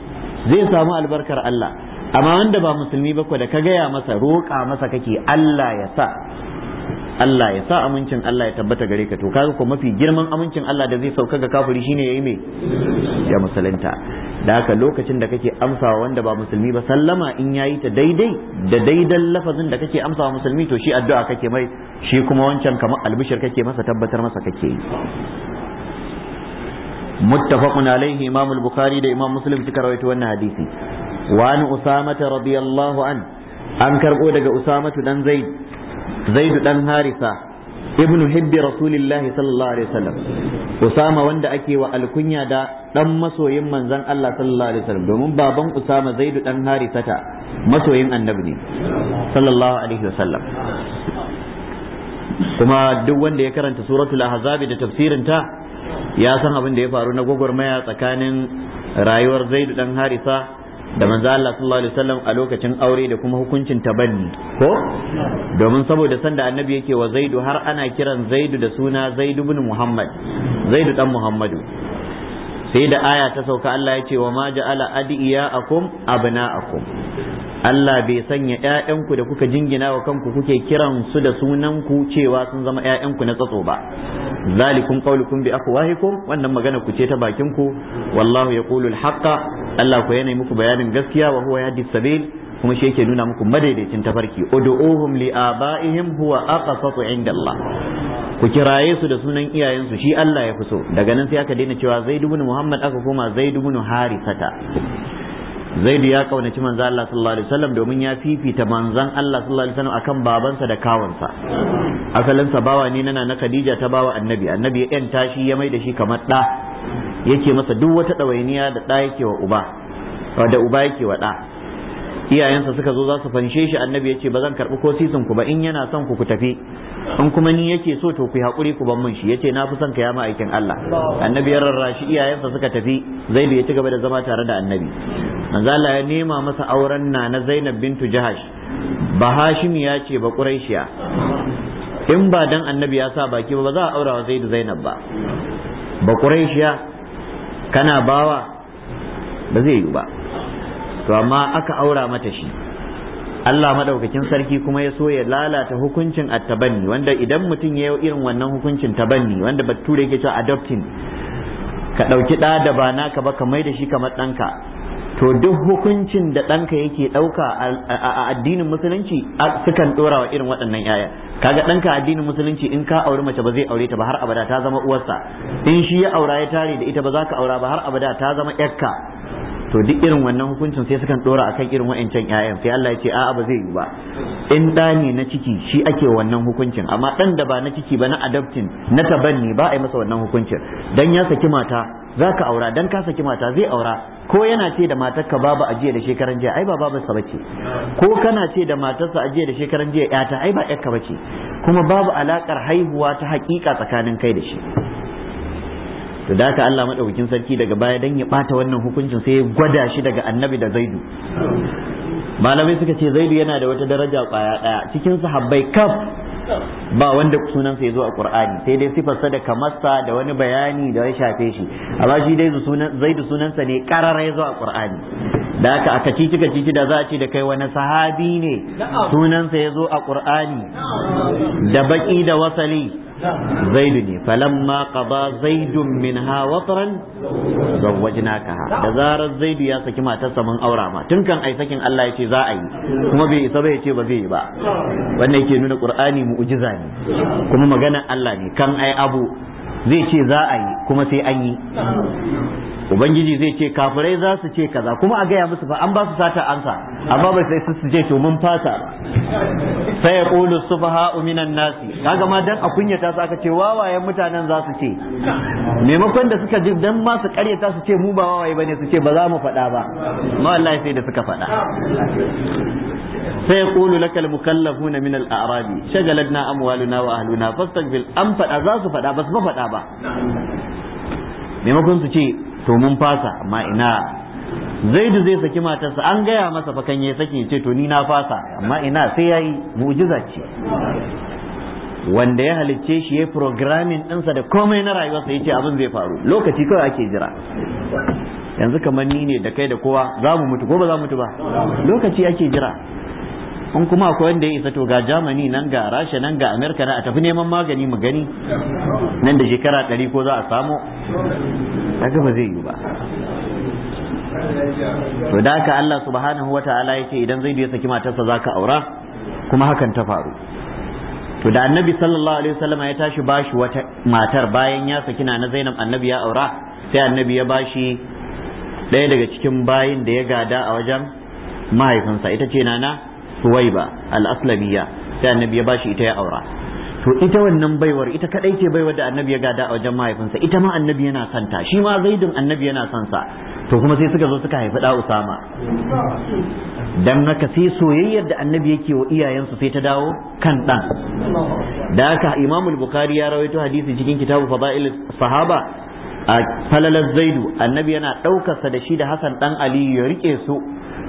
zai samu albarkar Allah amma wanda ba musulmi ba da ka gaya masa roƙa masa kake Allah ya sa Allah ya sa amincin Allah ya tabbata gare ka to kaga ko mafi girman amincin Allah da zai sauka ga kafiri shine yayi me ya musulunta da haka lokacin da kake amsawa wanda ba musulmi ba sallama in yayi ta daidai da daidan lafazin da kake amsawa musulmi to shi addu'a kake mai shi kuma wancan kamar albishir kake masa tabbatar masa kake yi متفق عليه إمام Bukhari da إمام مسلم wannan hadisi حديثي وعن أسامة رضي an an أنكر daga Usamatu دن زيد zaidu dan harisa ibnu hibbi rasulillahi sallallahu alaihi wasallam usama wanda ake wa alkunya da dan masoyin manzon Allah sallallahu alaihi wasallam domin baban usama zaidu dan harisata masoyin annabi ne sallallahu alaihi wasallam kuma duk wanda ya karanta suratul ahzabi da tafsirin ta ya san abin da ya faru na gwagwarmaya tsakanin rayuwar zaidu dan harisa da manzo Allah sallallahu alaihi wasallam a lokacin aure da kuma hukuncin tabanni ko domin saboda sanda annabi yake wa zaidu har ana kiran zaidu da suna zaidu ibn muhammad zaidu dan muhammadu sai da aya ta sauka Allah ya ce wa ma ja'ala adiyaakum abna'akum Allah bai sanya ƴaƴanku da kuka jingina wa kanku kuke kiran su da sunan ku cewa sun zama ƴaƴanku na tsatso ba zalikum qaulukum bi afwahikum wannan magana ku ce ta bakin ku wallahu yaqulu alhaqa Allah ku yana muku bayanin gaskiya wa huwa yahdi sabil kuma shi yake nuna muku madaidaicin tafarki ud'uhum li abaihim huwa aqsatu inda Allah ku kiraye su da sunan iyayensu shi Allah ya fi so daga nan sai aka daina cewa Zaid ibn Muhammad aka koma Zaid ibn Harisata Zaid ya kaunaci manzo Allah sallallahu alaihi wasallam domin ya fifita manzon Allah sallallahu alaihi wasallam akan babansa da kawansa asalin sa bawa ne nana na Khadija ta bawa annabi annabi ya yanta shi ya maida shi kamar da yake masa duk wata dawainiya da da yake wa uba da uba yake wa da iyayensa suka zo za su fanshe shi annabi ya ce ba zan karɓi ko sisin ku ba in yana son ku ku tafi in kuma ni yake so to ku yi haƙuri ku ban mun shi yace na fi son ka ya aikin Allah annabi ya rarrashi iyayensa suka tafi Zaidu ya ci gaba da zama tare da annabi manzo Allah ya nema masa auren na na Zainab bintu Jahash ba ya ce ba Quraishiya in ba dan annabi ya sa baki ba ba za a aura wa Zaidu Zainab ba ba Quraishiya kana bawa ba zai yi ba to amma aka aura mata shi Allah madaukakin sarki kuma ya so ya lalata hukuncin attabanni wanda idan mutum ya yi irin wannan hukuncin tabanni wanda bature yake cewa adopting ka ɗauki ɗa da ba naka ba ka mai da shi kamar ɗanka to duk hukuncin da ɗanka yake ɗauka a addinin musulunci sukan ɗora wa irin waɗannan yaya kaga ɗanka addinin musulunci in ka auri mace ba zai aure ta ba har abada ta zama uwarsa in shi ya aura ya tare da ita ba za ka aura ba har abada ta zama yakka to duk irin wannan hukuncin sai sukan dora akan irin wa'ancan ƴaƴan sai Allah ya ce a'a ba zai yi ba in da ne na ciki shi ake wannan hukuncin amma dan da ba na ciki ba na adaptin na tabanni ba a yi masa wannan hukuncin dan ya saki mata za ka aura dan ka saki mata zai aura ko yana ce da matarka babu ajiya da shekaran jiya ai ba babarsa bace ko kana ce da matarsa ajiya da shekaran jiya yata ai ba yarka bace kuma babu alakar haihuwa ta hakika tsakanin kai da shi to da haka Allah madaukakin sarki daga baya dan ya bata wannan hukuncin sai ya gwada shi daga annabi da zaidu malamai suka ce zaidu yana da wata daraja kwaya daya cikin sahabbai kaf ba wanda sunansa ya zo a qur'ani sai dai sifarsa da kamarsa da wani bayani da ya shafe shi amma shi dai zaidu sunansa ne karara ya zo a qur'ani da haka aka cici ka cici da za a ce da kai wani sahabi ne sunansa ya zo a qur'ani da baki da wasali Zaidu ne ma kaba zaidun minha watran zawwajnakaha da zarar Zaidu ya saki matarsa mun aura ma tun kan ai sakin Allah yace za a yi kuma bai isa ba yace ba zai yi ba wannan yake nuna qur'ani mu'jiza ne kuma maganan Allah ne kan ai abu zai ce za a yi kuma sai an yi ubangiji zai ce kafirai za su ce kaza kuma a gaya musu fa an ba su sata ansa amma ba sai su ce to mun fata sai ya kulu subha minan nasi kaga ma dan a kunyata su aka ce wawayen mutanen za su ce maimakon da suka ji dan ma su karyata su ce mu ba wawaye bane su ce ba za mu faɗa ba ma wallahi sai da suka faɗa sai ya kulu lakal mukallafuna min al a'rabi shagalatna amwaluna wa ahluna fastaqbil an faɗa za su faɗa ba su ba faɗa ba maimakon su ce to mun fasa amma ina zaidu zai saki matarsa an gaya masa fa kan ya saki ce to ni na fasa amma ina sai yayi mu'jiza ce wanda ya halicce shi ya programming ɗinsa da komai na rayuwarsa ya ce abin zai faru lokaci kawai ake jira yanzu kamar ni ne da kai da kowa za mu mutu ko ba za mu mutu ba lokaci ake jira in kuma akwai wanda ya isa to ga Germany nan ga Rasha nan ga America na a tafi neman magani mu gani nan da shekara ɗari ko za a samu Na ba zai yi ba to da haka Allah subhanahu wata'ala yake idan zai ya saki matarsa za ka aura kuma hakan ta faru to da annabi sallallahu alaihi wasallam ya tashi bashi wata matar bayan ya saki na Zainab annabi ya aura sai annabi ya bashi ɗaya daga cikin bayin da ya gada a wajen mahaifinsa ita ce nana suwaiba al-aslamiyya sai annabi ya bashi ita ya aura to ita wannan baiwar ita kadai ce baiwar da annabi ya gada a wajen mahaifinsa ita ma annabi yana santa shi ma zaidun annabi yana sa to kuma sai suka zo suka haifi da usama dan haka sai soyayyar da annabi yake wa iyayensu sai ta dawo kan dan da haka imamul bukhari ya rawaito hadisi cikin kitabu fada'il sahaba a falalar zaidu annabi yana ɗaukarsa da shi da hasan ɗan aliyu ya rike su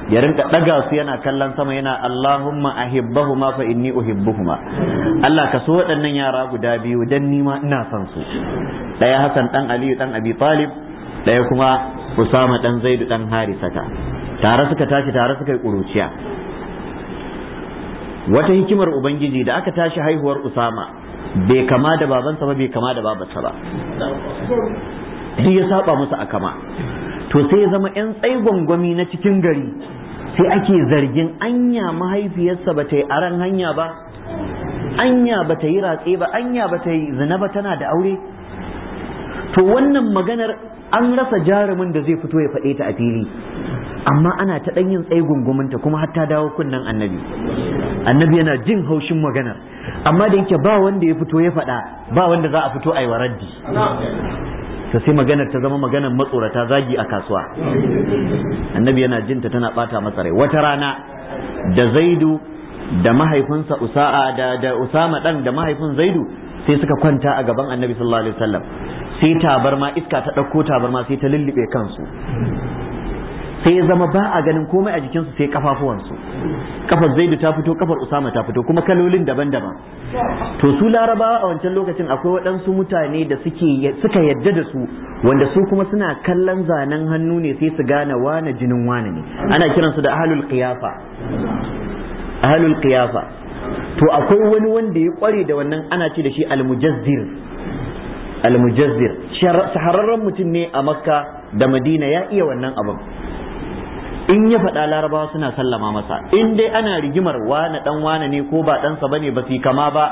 ya rinka daga su yana kallon sama yana Allahumma ahibbahuma fa inni uhibbuhuma Allah ka so waɗannan yara guda biyu dan nima ina son su daya Hassan dan Aliyu dan Abi Talib daya kuma Usama dan Zaidu dan Harisata tare suka tashi tare suka yi kuruciya wata hikimar ubangiji da aka tashi haihuwar Usama bai kama da babansa ba bai kama da babarsa ba duk ya saba musu a kama to sai ya zama 'yan tsaigon gwangwami na cikin gari sai ake zargin anya mahaifiyarsa ba ta yi aran hanya ba anya ba ta yi ratse ba anya ba ta yi zina ba tana da aure to wannan maganar an rasa jarumin da zai fito ya faɗe ta a fili amma ana ta ɗan yin tsaye gungumunta kuma har ta dawo kunnen annabi annabi yana jin haushin maganar amma da yake ba wanda ya fito ya faɗa ba wanda za a fito a yi to sai maganar ta zama maganar matsorata zagi a kasuwa annabi yana jinta tana bata masa rai wata rana da zaidu da mahaifinsa usa'a da da usama dan da mahaifin zaidu sai suka kwanta a gaban annabi sallallahu alaihi wasallam sai tabarma iska ta ɗauko tabarma sai ta lullube kansu sai ya zama ba a ganin komai a jikinsu sai kafafuwansu kafar zaidu ta fito kafar usama ta fito kuma kalolin daban-daban to su larabawa a wancan lokacin akwai waɗansu mutane da suke suka yadda da su wanda su kuma suna kallon zanen hannu ne sai su gane wane jinin wane ne ana kiransu da ahlul qiyafa ahlul qiyafa to akwai wani wanda ya kware da wannan ana ce da shi almujazzir almujazzir shahararren mutum ne a makka da madina ya iya wannan abin in ya faɗa larabawa suna sallama masa in dai ana rigimar wane dan wane ne ko ba ɗansa bane ba su kama ba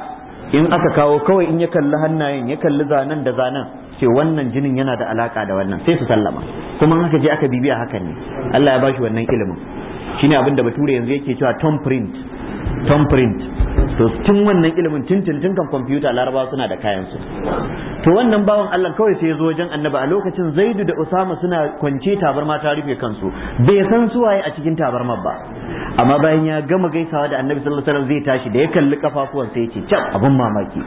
in aka kawo kawai in ya kalli hannayen ya kalli zanen da zanen ce wannan jinin yana da alaka da wannan sai su sallama kuma in aka je aka bibiya hakan ne Allah ya bashi wannan ilimin shine abin da bature yanzu yake cewa thumbprint thumbprint to tun wannan ilimin tun kan kwamfuta laraba suna da kayan su to wannan bawan Allah kawai sai ya zo wajen annabi a lokacin zaidu da usama suna kwance tabarma ta rufe kansu bai san su waye a cikin tabarmar ba amma bayan ya gama gaisawa da annabi sallallahu alaihi wasallam zai tashi da ya kalli kafafuwan sai ya ce can abun mamaki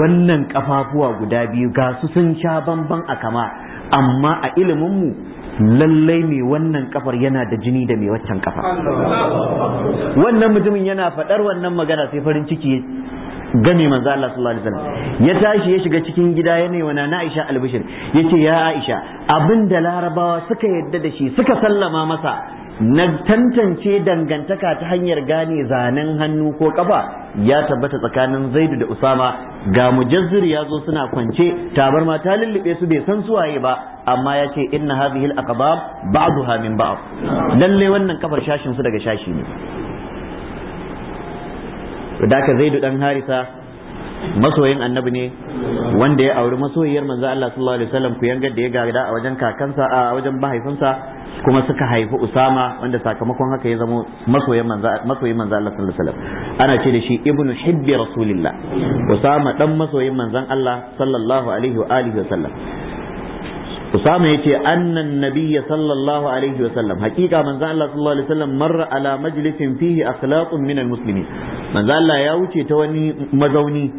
wannan kafafuwa guda biyu ga su sun sha bamban a kama amma a ilimin mu lallai mai wannan kafar yana da jini da mai waccan kafa wannan mutumin yana faɗar wannan magana sai farin ciki game manzo Allah sallallahu alaihi wasallam ya tashi ya shiga cikin gida ya nemi na Aisha albishir ce ya Aisha abin da larabawa suka yadda da shi suka sallama masa na tantance dangantaka ta hanyar gane zanen hannu ko kafa ya tabbata tsakanin zaidu da usama ga mujazzir ya zo suna kwance tabar ma ta lullube su bai san suwaye ba amma ya ce inna hadhihi al-aqbab ba'daha min ba'd lalle wannan kafar shashin su daga shashi ne da ka zaidu dan harisa masoyin annabi ne wanda ya auri masoyiyar manzo Allah sallallahu alaihi wasallam ku yanga da ya gada a wajen kakansa a wajen mahaifinsa kuma suka haifi Usama wanda sakamakon haka ya zama masoyin manza masoyin manzo Allah sallallahu alaihi wasallam ana ce da shi ibnu hibbi rasulillah Usama dan masoyin manzon Allah sallallahu alaihi wa alihi wasallam Usama yace annan nabiyya sallallahu alaihi wasallam hakika manzo Allah sallallahu alaihi wasallam marra ala majlisin fihi akhlaqun min almuslimin manzo Allah ya wuce ta wani mazauni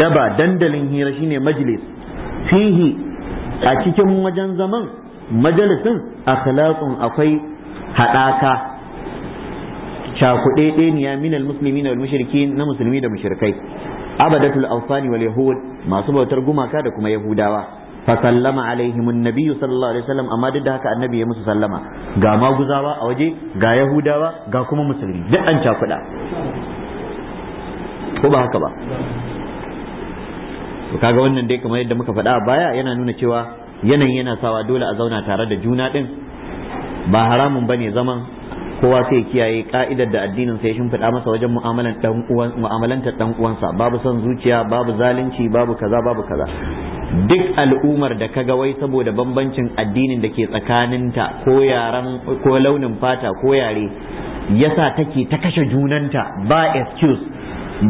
daba dandalin hira shine majlis fihi a cikin wajen zaman majalisin akhlaqun akwai hadaka cakuɗe ɗeniya minal musulmi wal mushriki na musulmi da mushrikai abadatul awsani wal yahud masu bautar gumaka da kuma yahudawa fa sallama alaihim annabi sallallahu alaihi wasallam amma duk da haka annabi ya musu sallama ga maguzawa a waje ga yahudawa ga kuma musulmi duk an cakuɗa ko ba haka ba to kaga wannan dai kamar yadda muka faɗa a baya yana nuna cewa yanayi yana sawa dole a zauna tare da juna din ba haramun bane zaman kowa sai kiyaye ka'idar da addinin sai shimfiɗa masa wajen mu'amalan dan uwansa babu son zuciya babu zalunci babu kaza babu kaza duk al'ummar da kaga wai saboda bambancin addinin da ke tsakaninta ko yaran ko launin fata ko yare yasa take ta kashe junanta ba excuse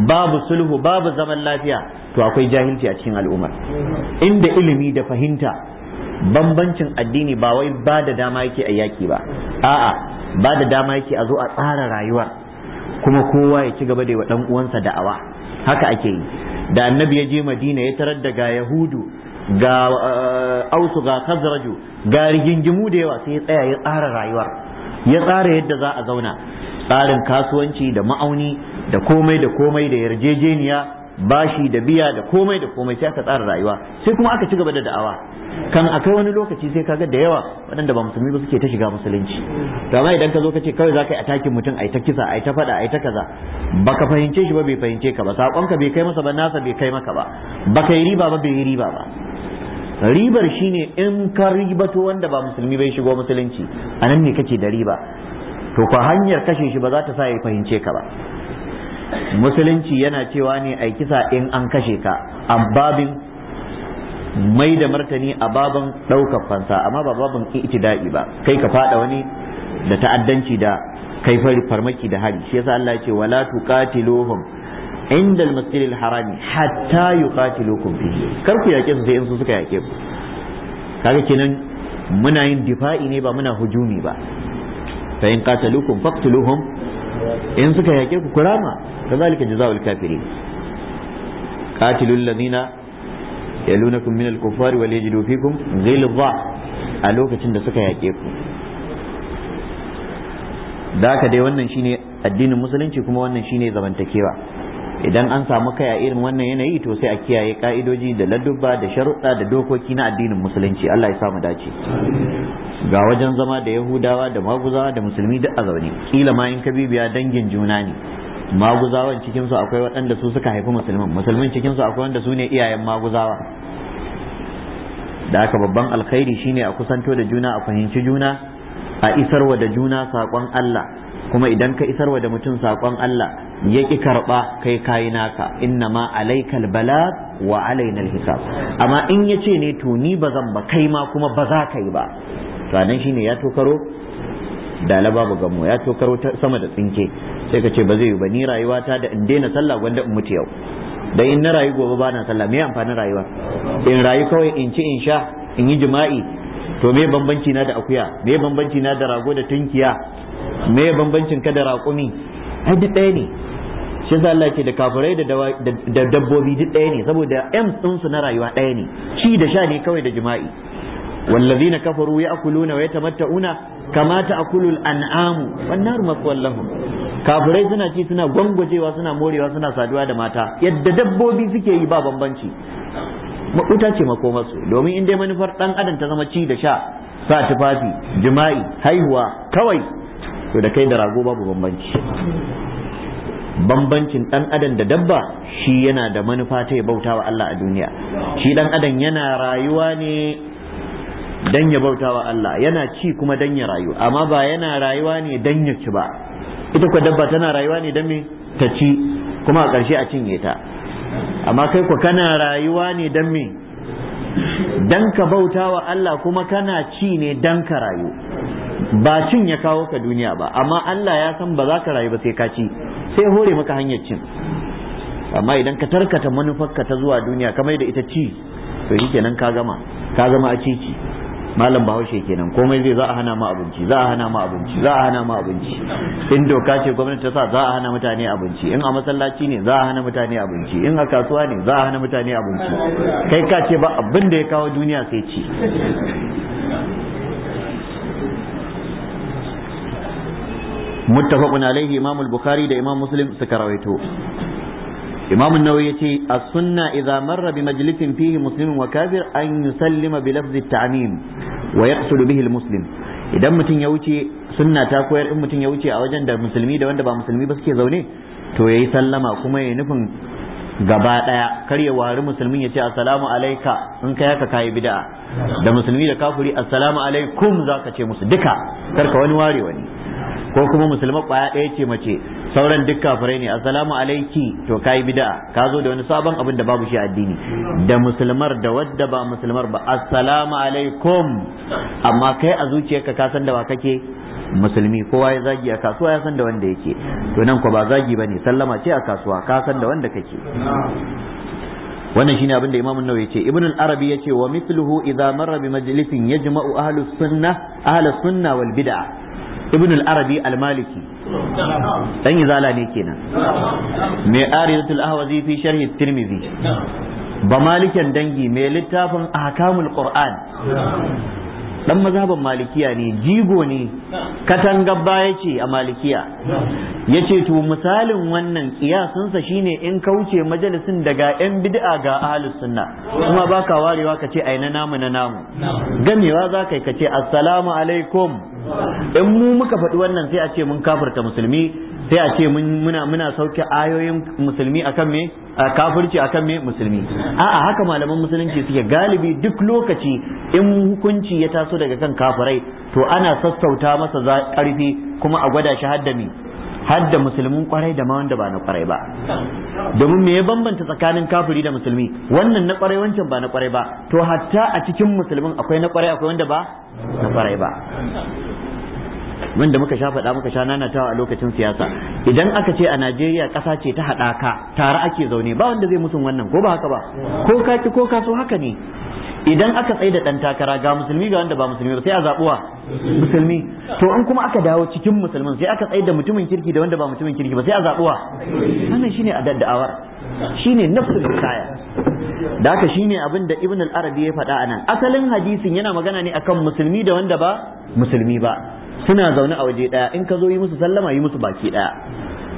babu sulhu babu zaman lafiya to akwai jahilci a cikin al'ummar inda ilimi da fahimta bambancin addini ba wai ba da dama yake a yaki ba a'a ba da dama yake a zo a tsara rayuwar kuma kowa ya ci gaba da wa dan uwansa da'awa haka ake yi da annabi ya je madina ya tarar da ga yahudu ga eh, ausu ga kazraju ga rigingimu da yawa sai ya tsaya ya tsara rayuwar ya tsara yadda za a zauna tsarin kasuwanci da ma'auni da komai da komai da yarjejeniya bashi da biya da komai da komai sai aka tsara rayuwa sai kuma aka ci gaba da da'awa kan akai wani lokaci sai kaga da yawa waɗanda ba musulmi ba suke ta shiga musulunci to amma idan ka zo ka ce kawai zaka a yi atakin mutum ai ta kisa ai ta faɗa ai ta kaza baka fahimce shi ba bai fahimce ka ba saƙonka bai kai masa ba nasa bai kai maka ba baka yi riba ba bai yi riba ba ribar shine in ka ribato wanda ba musulmi bai shigo musulunci anan ne kake da riba to kwa hanyar kashe shi ba za ta sa ya fahimce ka ba musulunci yana cewa ne a kisa in an kashe ka a babin mai da martani a babin ɗaukar fansa amma ba babin daɗi ba kai ka fada wani da ta'addanci da kai farmaki da hari shi yasa Allah ya ce wala tuqatiluhum inda al harami al hatta yuqatilukum fihi kar ku yake su sai in su suka yake ku kaga kenan muna yin difa'i ne ba muna hujumi ba fa in qatalukum faqtuluhum in suka yake ku kurama kazalika jazaa'ul kafiri qatilul ladina yalunakum al kuffari wal yajidu fikum ghilza a lokacin da suka yake ku da dai wannan shine addinin musulunci kuma wannan shine zamantakewa idan an samu kai a irin wannan yanayi to sai a kiyaye ka'idoji da ladubba da sharuɗa da dokoki na addinin musulunci Allah ya samu dace ga wajen zama da yahudawa da maguzawa da musulmi duk a zaune kila ma in ka bibiya dangin juna ne maguzawan cikin su akwai waɗanda su suka haifi musulmin musulmin cikin su akwai wanda su ne iyayen maguzawa da aka babban alkhairi shine a kusanto da juna a fahimci juna a isarwa da juna saƙon Allah kuma idan ka isarwa da mutum saƙon Allah ya ƙi karɓa kai kayi naka inna ma alaikal bala wa alainal hisab amma in ya ce ne to ni ba zan ba kai ma kuma ba za ka yi ba to anan ne ya tokaro da babu gamo ya tokaro sama da tsinke sai ka ce ba zai yi ba ni rayuwata da in daina sallah gwanda in mutu yau dan in na rayu gobe ba na sallah me amfanin rayuwa in rayu kawai in ci in sha in yi jima'i to me bambanci na da akuya me bambanci na da rago da tunkiya me bambancin ka da raƙumi ai duk ɗaya ne shi yasa Allah ce da kafirai da dabbobi duk ɗaya ne saboda ƴan tsinsu na rayuwa ɗaya ne Ci da sha ne kawai da jima'i والذين كفروا يأكلون ويتمتعون كما تأكل an'amu والنار مثوى لهم kafirai suna ci suna gwangwajewa suna morewa suna saduwa da mata yadda dabbobi suke yi ba bambanci makuta ce makomarsu domin in dai manufar ɗan adam ta zama ci da sha sa tufafi jima'i haihuwa kawai to da kai da rago babu bambanci bambancin dan adam da dabba shi yana da manufa ta ya bauta wa Allah a duniya shi dan adam yana rayuwa ne dan ya bauta wa Allah yana ci kuma dan ya rayu amma ba yana rayuwa ne dan ya ci ba ita kuwa dabba tana rayuwa ne dan me ta ci kuma a ƙarshe a cinye ta amma kai ku kana rayuwa ne dan me dan ka bauta wa Allah kuma kana ci ne dan ka rayu ba cin ya kawo ka duniya ba amma Allah ya san ba za ka rayu ba sai ka ci sai hore maka hanyar cin amma idan ka tarkata manufarka ta zuwa duniya kamar da ita ci to shi nan ka gama ka zama a cici malam bahaushe kenan komai zai za a hana ma abinci za a hana ma abinci za a hana ma abinci in doka ce gwamnati ta sa za a hana mutane abinci in a masallaci ne za a hana mutane abinci in a kasuwa ne za a hana mutane abinci kai ka ce ba abin da ya kawo duniya sai ci Muttafa alaihi imam bukhari da imam muslim suka rawaito imam an-nawawi yace as-sunna idza majlisin fihi muslimin wa kafir an yusallima bi lafzi at-ta'mim wa yaqsud bihi al idan mutum ya wuce sunna ta koyar in mutum ya wuce a wajen da musulmi da wanda ba musulmi ba suke zaune to yayi sallama kuma ya nufin gaba daya kar ya wari musulmin ya ce assalamu alaika in kai haka kayi bida'a. da musulmi da kafiri assalamu alaikum zaka ce musu duka kar ka wani ware wani ko kuma musulma kwaya ɗaya ce mace sauran duk kafirai ne assalamu alaiki to kai bid'a ka zo da wani sabon abin da babu shi addini da musulmar da wadda ba musulmar ba assalamu alaikum amma kai a zuciyarka ka san da ba kake musulmi kowa ya zagi a kasuwa ya san da wanda yake to nan ko ba zagi bane sallama ce a kasuwa ka san da wanda kake wannan shine abin da Imam An-Nawawi yace Ibn al-Arabi yace wa mithluhu idza marra bi majlisin yajma'u ahlus sunnah ahlus sunnah wal bid'ah ibn al-arabi al-maliki dan izala ne kenan mai aridatul ahwazi fi sharhi tirmidhi ba malikin dangi mai littafin ahkamul qur'an dan mazhaban malikiya ne jigo ne katangar baya ce a malikiya ya ce to misalin wannan kiyasinsa shine in kauce majalisin daga 'yan bid'a ga ahalus sunna kuma baka warewa ka ce aina namu na namu gamewa za ka yi assalamu alaikum in mu muka faɗi wannan sai a ce mun kafirta musulmi sai a ce muna muna sauke ayoyin musulmi akan me kafirci akan me musulmi a'a haka malaman musulunci suke galibi duk lokaci in hukunci ya taso daga kan kafirai to ana sassauta masa ƙarfi kuma a gwada shi haddami hadda musulmin kwarai da ma wanda ba na kwarai ba domin me ya bambanta tsakanin kafiri da musulmi wannan na kwarai wancan ba na kwarai ba to hatta a cikin musulmin akwai na kwarai akwai wanda ba na ba wanda muka sha faɗa muka sha tawa a lokacin siyasa idan aka ce a najeriya ƙasa ce ta haɗaka tare ake zaune ba wanda zai mutum wannan ko ba haka ba ko kaki ko kaso haka ne idan aka tsaye da ɗan takara ga musulmi ga wanda ba musulmi ba sai a zaɓuwa musulmi to in kuma aka dawo cikin musulmin sai aka tsaye da mutumin kirki da wanda ba mutumin kirki ba sai a zaɓuwa wannan shine a dadda'awar shine nafsul kaya. da haka shine abin da ibn al-arabi ya faɗa anan asalin hadisin yana magana ne akan musulmi da wanda ba musulmi ba suna zaune a waje ɗaya in ka zo yi musu sallama yi musu baki ɗaya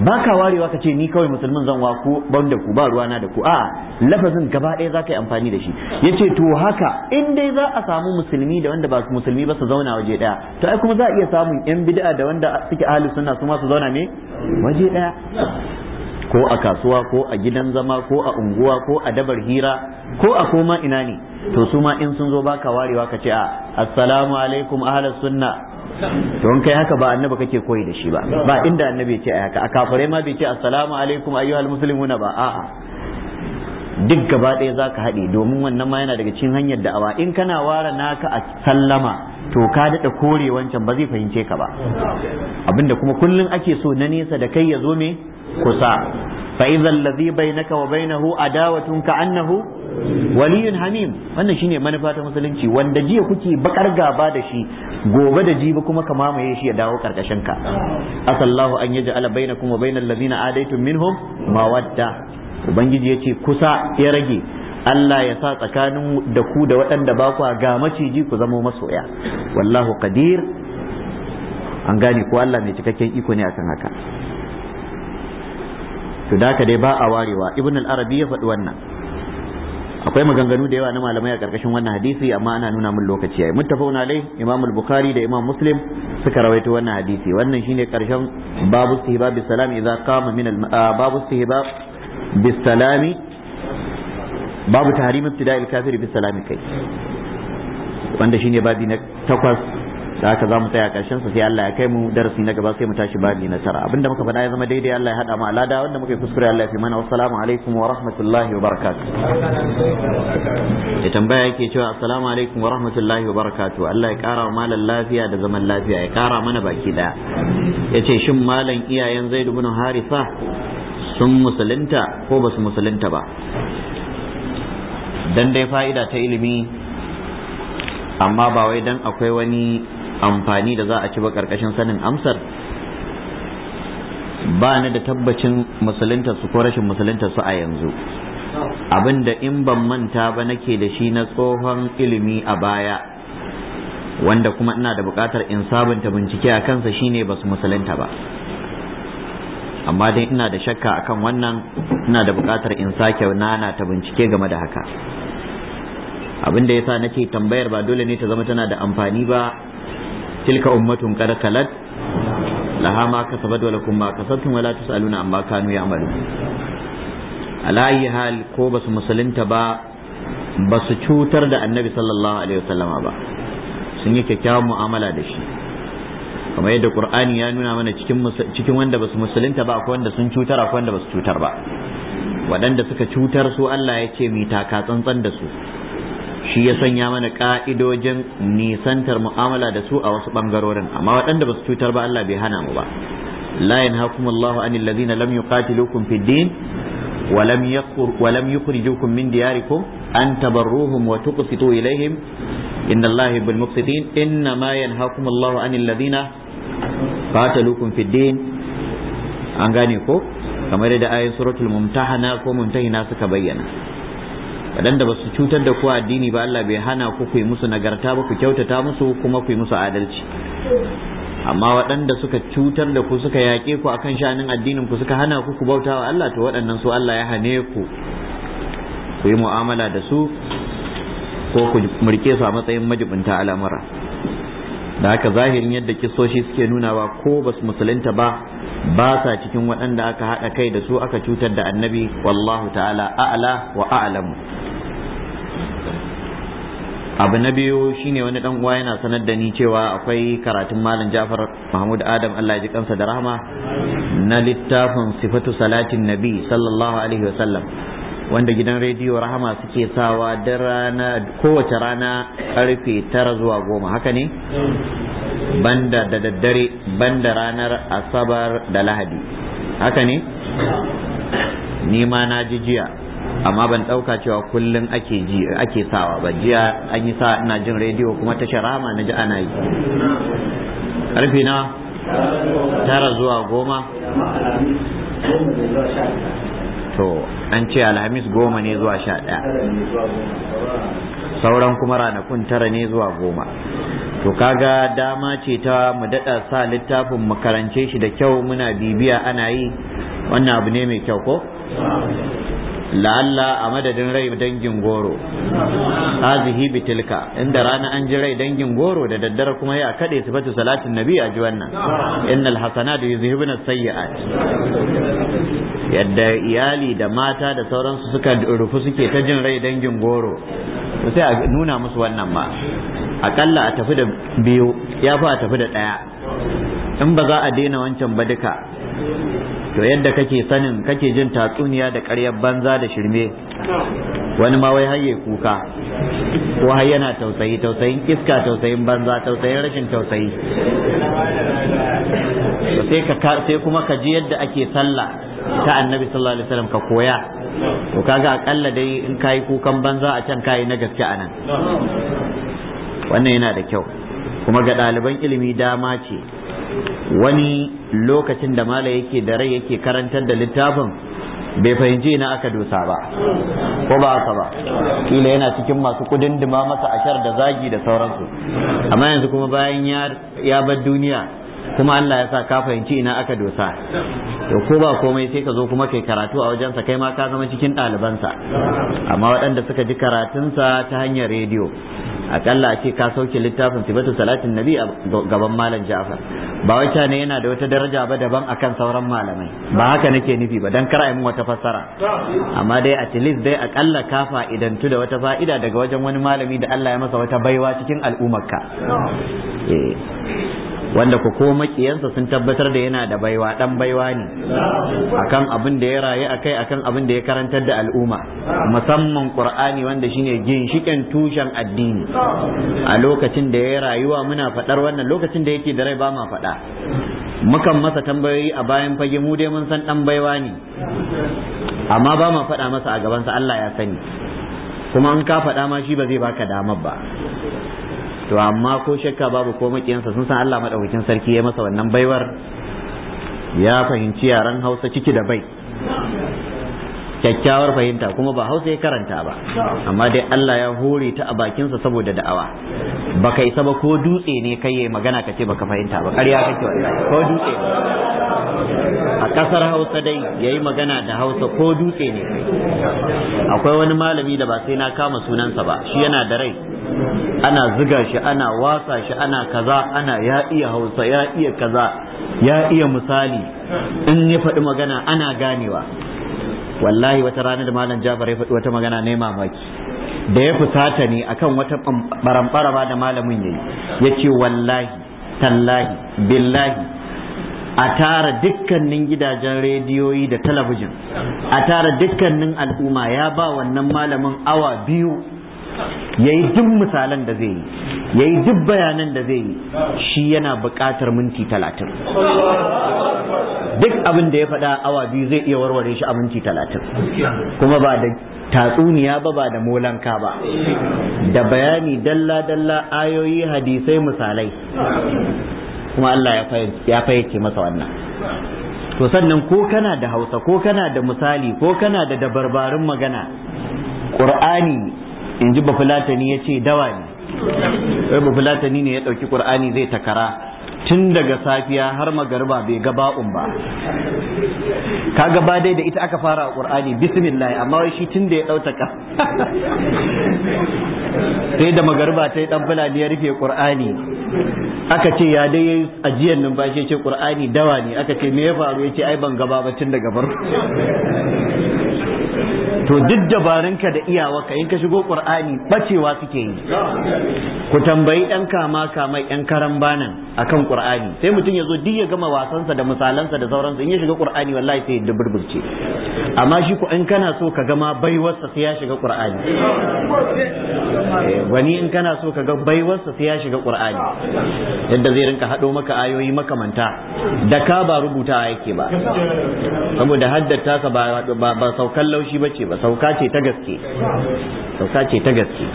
ba ka warewa ka ce ni kawai musulmin zan wa ku ban da ku ba ruwana da ku a lafazin gaba ɗaya za ka yi amfani da shi ya ce to haka in dai za a samu musulmi da wanda ba su musulmi ba su zauna waje ɗaya to ai kuma za a iya samun yan bid'a da wanda suke ahli sunna su ma su zauna ne waje ɗaya ko a kasuwa ko a gidan zama ko a unguwa ko a dabar hira ko a koma ina ne to su ma in sun zo baka warewa ka ce a assalamu alaikum ahli sunna don kai haka ba annabi kake koyi da shi ba ba inda annabi ce a haka a kafirai ma bai ce assalamu alaikum ayyuhal muslimuna ba a'a duk gaba ɗaya za ka haɗe domin wannan ma yana daga cikin hanyar da'awa in kana ware naka a sallama to ka daɗa kore wancan ba zai fahimce ka ba abinda kuma kullum ake so na nesa da kai ya zo me kusa fa idhal ladhi bainaka wa bainahu adawatun ka annahu waliyun hamim wannan shine manufa ta musulunci wanda jiya kuke bakar gaba da shi gobe da jibi kuma ka mamaye shi ya dawo karkashin ka asallahu an yaj'ala bainakum wa bainal ladina adaitum minhum mawadda ubangiji yace kusa ya rage Allah ya sa tsakanin da ku da waɗanda ba ku ga maciji ku zamo masoya wallahu qadir an gane ko Allah mai cikakken iko ne akan haka to da dai ba a warewa ibn al-arabi ya faɗi wannan akwai maganganu da yawa na malamai a karkashin wannan hadisi amma ana nuna min lokaci yayi muttafaqun alai imamu al-bukhari da imam muslim suka rawaito wannan hadisi wannan shine karshen babu istihbab bisalam idza qama min babu istihbab bisalami babu tahrim ibtida al-kafir bisalami kai wanda shine babi na takwas da haka za mu tsaya karshen sa sai Allah ya kai mu darasi na gaba sai mu tashi babi na tara abinda muka faɗa ya zama daidai Allah ya hada mu alada wanda muka yi kuskure Allah ya fi mana assalamu alaikum wa rahmatullahi wa barakatuh ya tambaya yake cewa assalamu alaikum wa rahmatullahi wa barakatuh Allah ya kara wa malan lafiya da zaman lafiya ya kara mana baki daya yace shin malan iyayen Zaid ibn Haritha sun musulunta ko ba su musulunta ba dan dai fa'ida ta ilimi amma ba wai dan akwai wani amfani da za a ci ba karkashin sanin amsar ba ni da tabbacin musulunta su ko rashin musulunta su a yanzu abinda in ban manta ba nake da shi na tsohon ilimi a baya wanda kuma ina da buƙatar in sabunta bincike a kansa shine ba su musulunta ba amma dai ina da shakka akan wannan ina da buƙatar in sake nana ta bincike game da haka abin da yasa nake tambayar ba dole ne ta zama tana da amfani ba tilka ummatun qad khalat laha ma kasabat wa lakum ma kasabtum wa la tusaluna amma kanu ya'malun ala ayi hal ko basu musulunta ba basu cutar da annabi sallallahu alaihi wasallama ba sun yi kyakkyawan mu'amala da shi kamar yadda qur'ani ya nuna mana cikin cikin wanda basu musulunta ba akwai wanda sun cutar akwai wanda basu cutar ba waɗanda suka cutar su Allah ya ce mi taka tsantsan da su shi ya sanya mana ka'idojin nisantar mu'amala da su a wasu bangarorin amma waɗanda ba su cutar ba Allah bai hana mu ba la yanhaakum Allahu anil ladina lam yuqatilukum fid din wa lam yakhur wa lam yukhrijukum min diyarikum an tabarruhum wa tuqsitu ilayhim inna Allaha bil muqsitin inna ma yanhaakum Allahu anil ladina qatalukum fid din an gane ko kamar da ayin suratul mumtahana ko mumtahina suka bayyana waɗanda ba su cutar da ku addini ba Allah bai hana ku ku yi musu nagarta ba ku kyautata musu kuma ku yi musu adalci amma waɗanda suka cutar da ku suka yaƙe ku akan sha'anin addinin ku suka hana ku ku bauta wa Allah to waɗannan su Allah ya hane ku ku yi mu'amala da su ko ku murke su a matsayin majibinta al'amura da haka zahirin yadda kisoshi suke nuna ba ko ba su musulunta ba ba sa cikin waɗanda aka haɗa kai da su aka cutar da annabi wallahu ta'ala a'la wa a'lamu abu na biyu shine wani dan uwa yana sanar da ni cewa akwai karatun malam Jafar Mahmud Adam Allah ji kansa da rahama na littafin sifatu salatin nabi sallallahu alaihi wasallam wanda gidan rediyo rahama suke sawa da rana kowace rana karfe tara zuwa goma haka ne banda da daddare banda ranar asabar da lahadi haka ne ni ma na ji jiya amma ban ɗauka cewa kullum ake ji ake sawa ba jiya an yi sa ina jin rediyo kuma tashar rama na ji ana yi karfe na tara zuwa goma to an ce alhamis goma ne zuwa sha ɗaya sauran kuma ranakun tara ne zuwa goma to kaga dama ce ta mu daɗa sa littafin mu karance shi da kyau muna bibiya ana yi wannan abu ne mai kyau ko la'alla a madadin rai dangin goro hazihi bitilka inda rana an ji rai dangin goro da daddare kuma ya kade sifatu salatin nabi a ji wannan innal hasanatu yuzhibuna sayyi'at yadda iyali da mata da sauransu suka rufu suke ta jin rai dangin goro sai a nuna musu wannan ma akalla a tafi da biyu ya fi a tafi da ɗaya in ba za a daina wancan ba duka to yadda kake sanin kake jin tatsuniya da karyar banza da shirme wani ma wai haye kuka ko har yana tausayi tausayin iska tausayin banza tausayin rashin tausayi sai kuma ka ji yadda ake sallah ta annabi sallallahu alaihi wasallam ka koya to kaga akalla dai in kayi kukan banza a can kai na gaske anan wannan yana da kyau kuma ga ɗaliban ilimi dama ce wani lokacin da mala yake da rai yake karantar da littafin bai fahimci ina aka dosa ba ko ba aka ba kila yana cikin masu kudin dima masa ashar da zagi da sauransu amma yanzu kuma bayan ya bar duniya kuma Allah ya sa ka fahimci ina aka dosa to ko ba komai sai ka zo kuma kai karatu a wajensa kai ma ka zama cikin ɗalibansa amma waɗanda suka ji karatunsa ta hanyar rediyo akalla a ka sauke littafin sifatu salatin nabi a gaban malam ja'far ba wai ne yana da wata daraja ba daban akan sauran malamai ba haka nake nufi ba dan kar a mun wata fassara amma dai at least dai akalla ka fa'idantu da wata fa'ida daga wajen wani malami da Allah ya masa wata baiwa cikin al'ummarka eh. wanda ku ko makiyansa sun tabbatar da yana da baiwa dan baiwa ne akan abin da ya rayu akai akan abin da ya karantar da al'umma musamman qur'ani wanda shine ginshiken tushen addini a lokacin da ya rayuwa muna faɗar wannan lokacin da yake da rai ba ma faɗa mukan masa tambayoyi a bayan fage mu dai mun san dan baiwa ne amma ba ma faɗa masa a gabansa Allah ya sani kuma in ka faɗa ma shi ba zai baka damar ba to amma ko shakka babu ko makiyansa sun san Allah madaukakin sarki ya masa wannan baiwar ya fahimci yaren Hausa ciki da bai kyakkyawar fahimta kuma ba Hausa ya karanta ba amma dai Allah ya hore ta a bakinsa saboda da'awa baka isa ba ko dutse ne kai magana ka baka fahimta ba ƙarya kake wallahi ko dutse a kasar hausa dai yayi magana da hausa ko dutse ne akwai wani malami da ba sai na kama sunansa ba shi yana da rai ana ziga shi ana wasa shi ana kaza ana ya iya hausa ya iya kaza ya iya misali in ya faɗi magana ana ganewa wallahi wata rana da malam jabar ya faɗi wata magana ne mamaki da ya fusata ne akan wata ba da malamin yayi ya ce wallahi tallahi billahi a tara dukkanin gidajen rediyoyi da talabijin a tara dukkanin al'umma ya ba wannan malamin awa biyu yayi duk misalan da zai yi yayi duk bayanan da zai yi shi yana buƙatar minti talatin duk abin da ya faɗa awa biyu zai iya warware shi a minti talatin kuma ba da tatsuniya ba ba da molanka ba da bayani dalla-dalla ayoyi hadisai misalai kuma Allah ya fayyace masa wannan to sannan ko kana da hausa ko kana da misali ko kana da dabarbarun magana ƙur'ani in ji bafulatani ya ce dawa ne bafulatani ne ya ɗauki ƙur'ani zai takara tun daga safiya har magarba bai ga ba'un ba ka gaba dai da ita aka fara a ƙur'ani bismillah amma wai shi tun da ya ɗautaka sai da magarba ta yi ɗan fulani ya rufe ƙur'ani aka ce ya dai yi ajiyar numfashi ce ƙur'ani dawa ne aka ce me ya faru ya ce ai ban gaba ba tun daga farko to duk dabarunka da iyawa in ka shigo qur'ani bacewa suke yi ku tambayi ɗan kama kama ɗan karan banan akan qur'ani sai mutum ya zo duk ya gama wasansa da misalansa da sauransa in ya shiga qur'ani wallahi sai ya burburce amma shi ku in kana so ka gama baiwarsa sai ya shiga qur'ani eh, wani in kana so ka ga baiwarsa sai ya shiga qur'ani yadda zai rinka haɗo maka ayoyi makamanta da ka ba rubuta yake ba saboda haddata ka ba saukan laushi ba ce ba sauka ce ta gaske sauka ce ta gaske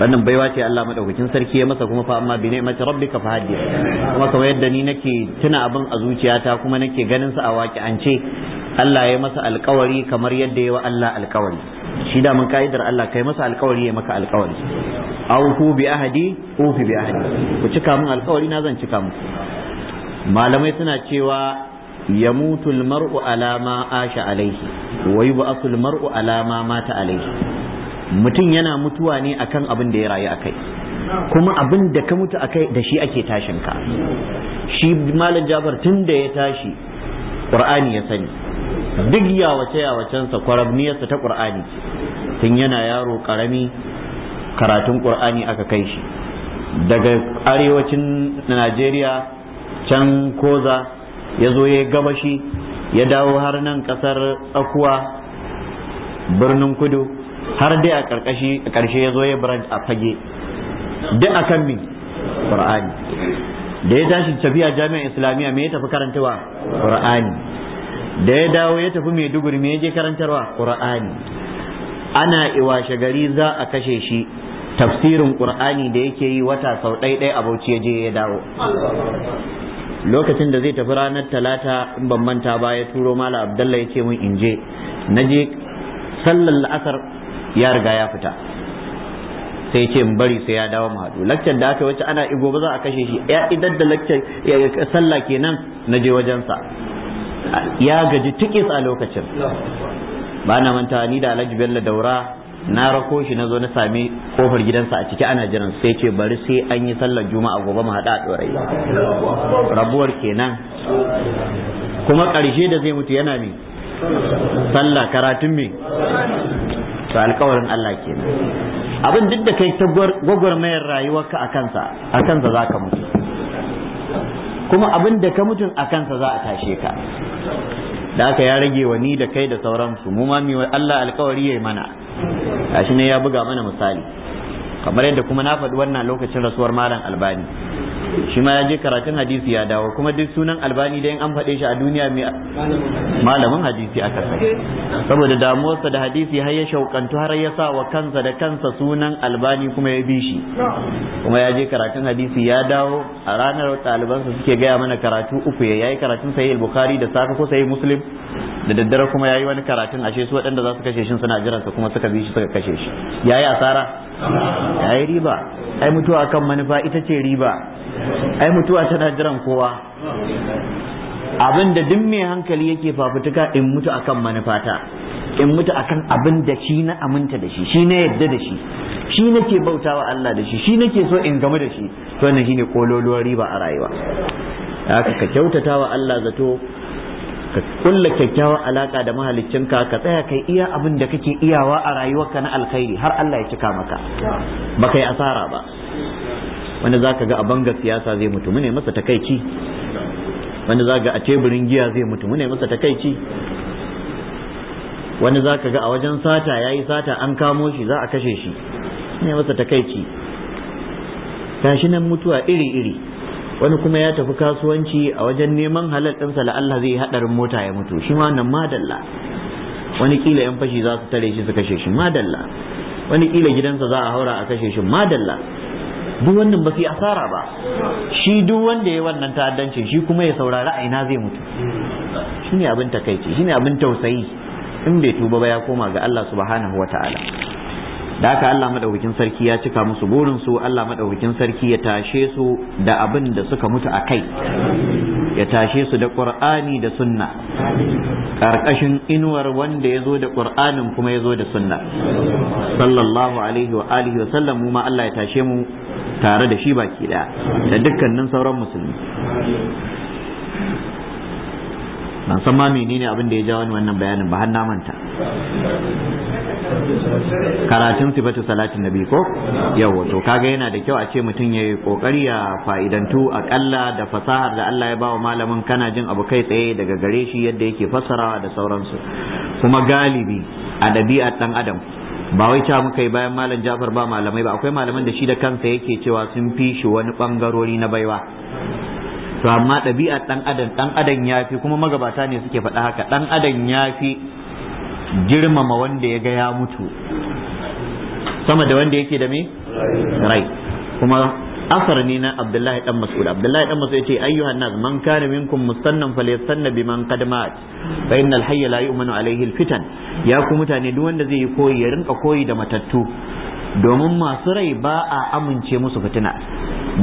wannan baiwa ce Allah madaukakin sarki ya masa kuma fa amma bi ni'mati rabbika fa hadi kuma kamar yadda ni nake tuna abin a zuciyata kuma nake ganin sa a waki an ce Allah ya masa alkawari kamar yadda ya wa Allah alkawari shi da mun ka'idar Allah kai masa alkawari ya maka alkawari auhu bi ahadi ufi bi ahadi ku cika mun alkawari na zan cika muku malamai suna cewa يموت المرء على ما عاش عليه ويبعث المرء على ما مات mata alaihi mutum yana mutuwa ne akan abin da ya rayu akai kuma abin da ka mutu akai da shi ake tashin ka shi malam jabar tunda ya tashi qur'ani ya sani duk yawace yawacensa kwarabniyarsa ta qur'ani tun yana yaro karami karatun qur'ani aka kai shi daga arewacin najeriya can koza ya zo ya gabashi ya dawo har nan kasar tsakuwa birnin kudu har dai a ƙarshe ya zo ya a fage duk a kan min qur'ani da ya tashi tafiya jami'a islamiyya me ya tafi karantawa ƙur'ani da ya dawo ya tafi maiduguri me ya je karantarwa ƙur'ani ana iwashe gari za a kashe shi tafsirin ƙur'ani da yake yi wata sau ɗaiɗai a bauchi ya je ya dawo lokacin da zai tafi ranar talata in ban manta ba ya turo mala abdallah ya ce mun in je na je sallar la'asar ya riga ya fita sai ce in bari sai ya dawo mu lakcan da aka wacce ana igo ba za a kashe shi ya idan da lakcar sallah kenan na je wajensa ya gaji tikis a lokacin ba na manta ni da alhaji bello daura na rako shi na zo na sami kofar gidansa a ciki ana jiran sai ce bari sai an yi sallar juma'a gobe mu haɗa a ɗorai rabuwar kenan kuma ƙarshe da zai mutu yana ne sallah karatun me to alƙawarin Allah kenan abin duk da kai ta gwagwarmayar rayuwarka a kansa a kansa za ka mutu kuma abin da ka mutun a kansa za a tashe ka da haka ya rage wa ni da kai da sauransu mu ma mi Allah alƙawari yayi mana gashi ne ya buga mana misali kamar yadda kuma na faɗi wannan lokacin rasuwar malam albani shi ma ya je karatun hadisi ya dawo kuma duk sunan albani da an faɗe shi a duniya mai malamin hadisi aka sai saboda damuwarsa da hadisi har ya shaukantu har ya sa wa kansa da kansa sunan albani kuma ya bi shi kuma ya je karatun hadisi ya dawo a ranar ɗalibansa suke gaya mana karatu uku ya yi karatun sahih bukhari da safe ko sahih muslim da daddare kuma yayi wani karatun ashe su waɗanda za su kashe shi suna jiran sa kuma suka bi shi suka kashe shi yayi asara yayi riba ai mutuwa kan manufa ita ce riba ai mutuwa tana jiran kowa abin da duk mai hankali yake fafutuka in mutu akan manufata in mutu akan abin da shi na aminta da shi shi na yadda da shi shi nake bautawa Allah da shi shi nake so in gamu da shi to wannan shine kololuwar riba a rayuwa haka ka kyautata Allah zato ka kulla kyakkyawar alaka da mahaliccinka ka ka tsaya kai iya abin da kake iyawa a rayuwarka na alkhairi har Allah ya cika maka ba kai asara ba wanda zaka ga a banga siyasa zai mutu mune masa takaici wanda za ga a teburin giya zai mutu mune masa takaici wani za ka ga a wajen sata ya yi sata an kamo shi za a kashe shi ne masa takaici gashi nan mutuwa iri-iri wani kuma ya tafi kasuwanci a wajen neman halal ɗinsa Allah zai hadarin mota ya mutu shi ma wannan madalla wani kila yan fashi za su tare shi su kashe shi madalla wani kila gidansa za a haura a kashe shi madalla duk wannan ba su yi asara ba shi duk wanda ya wannan ta'addancin shi kuma ya saurari a ina zai mutu ne abin takaici shine abin tausayi in bai tuba ba ya koma ga Allah subhanahu wataala da haka Allah madaukakin sarki ya cika musu burin su Allah madaukakin sarki ya tashe su da abin da suka mutu a kai ya tashe su da Qur'ani da sunna karkashin inuwar wanda ya zo da Qur'anin kuma ya zo da sunna sallallahu alaihi wa alihi wa sallam mu ma Allah ya tashe mu tare da shi baki daya da dukkanin sauran musulmi ban san ma menene abin da ya ja wani wannan bayanin ba har na manta karatun sifatu salatin nabi ko yawa to kaga yana da kyau a ce mutum ya yi kokari ya fa'idantu akalla da fasahar da Allah ya ba wa malamin kana jin abu kai tsaye daga gare shi yadda yake fassarawa da sauransu kuma galibi a ɗabi'ar ɗan adam ba wai ta muka yi bayan malam Jafar ba malamai ba akwai malaman da shi da kansa yake cewa sun fi shi wani bangarori na baiwa to amma ɗabi'ar ɗan adam ɗan adam ya fi kuma magabata ne suke faɗa haka ɗan adam ya fi girmama wanda ya ga ya mutu sama da wanda yake da me rai kuma asar ne na abdullahi dan mas'ud abdullahi dan mas'ud yace ayyuhan nas man kana minkum mustannan falyastanna biman qad mat fa innal hayya la yu'minu alayhi alfitan ya ku mutane duk wanda zai yi koyi ya rinka koyi da matattu domin masu rai ba a amince musu fitina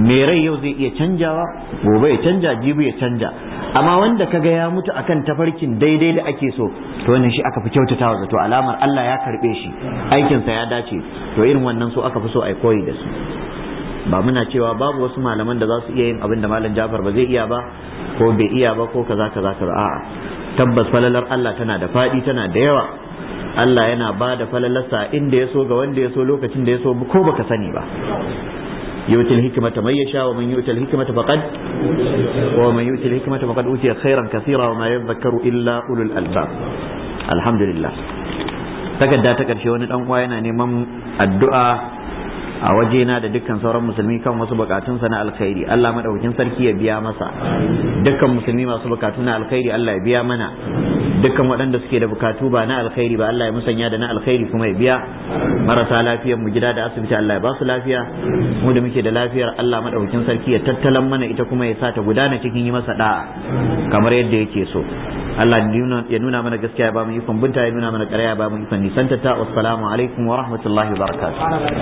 mai rai yau zai iya canjawa gobe ya canja jibi ya canja amma wanda kaga ya mutu akan tafarkin daidai da ake so to wannan shi aka fi kyautata wa zato alamar Allah ya karbe shi aikinsa ya dace to irin wannan so aka fi so ai koyi da su ba muna cewa babu wasu malaman da za su iya yin abin da malam Jafar ba zai iya ba ko bai iya ba ko kaza kaza kaza a'a tabbas falalar Allah tana da faɗi tana da yawa Allah yana ba da falalarsa inda ya so ga wanda ya so lokacin da ya so ko baka sani ba yutil hikmata man yasha wa man yutil hikmata faqad wa man yutil hikmata faqad utiya khairan kathira wa ma yadhakkaru illa ulul albab alhamdulillah takarda ta karshe wani dan uwa yana neman addu'a a waje na da dukkan sauran musulmi kan wasu bukatunsa na alkhairi Allah madaukakin sarki ya biya masa dukkan musulmi masu bukatu na alkhairi Allah ya biya mana dukkan waɗanda suke da bukatu ba na alkhairi ba Allah ya musanya da na alkhairi kuma ya biya marasa lafiyar mu gida da asibiti Allah ya ba su lafiya mu da muke da lafiyar Allah madaukakin sarki ya tattalan mana ita kuma ya sa ta gudana cikin yi masa da'a kamar yadda yake so Allah ya nuna mana gaskiya ba mu yi kumbunta ya nuna mana ƙarya ba mu nisanta ta wassalamu alaikum wa rahmatullahi wa barakatuh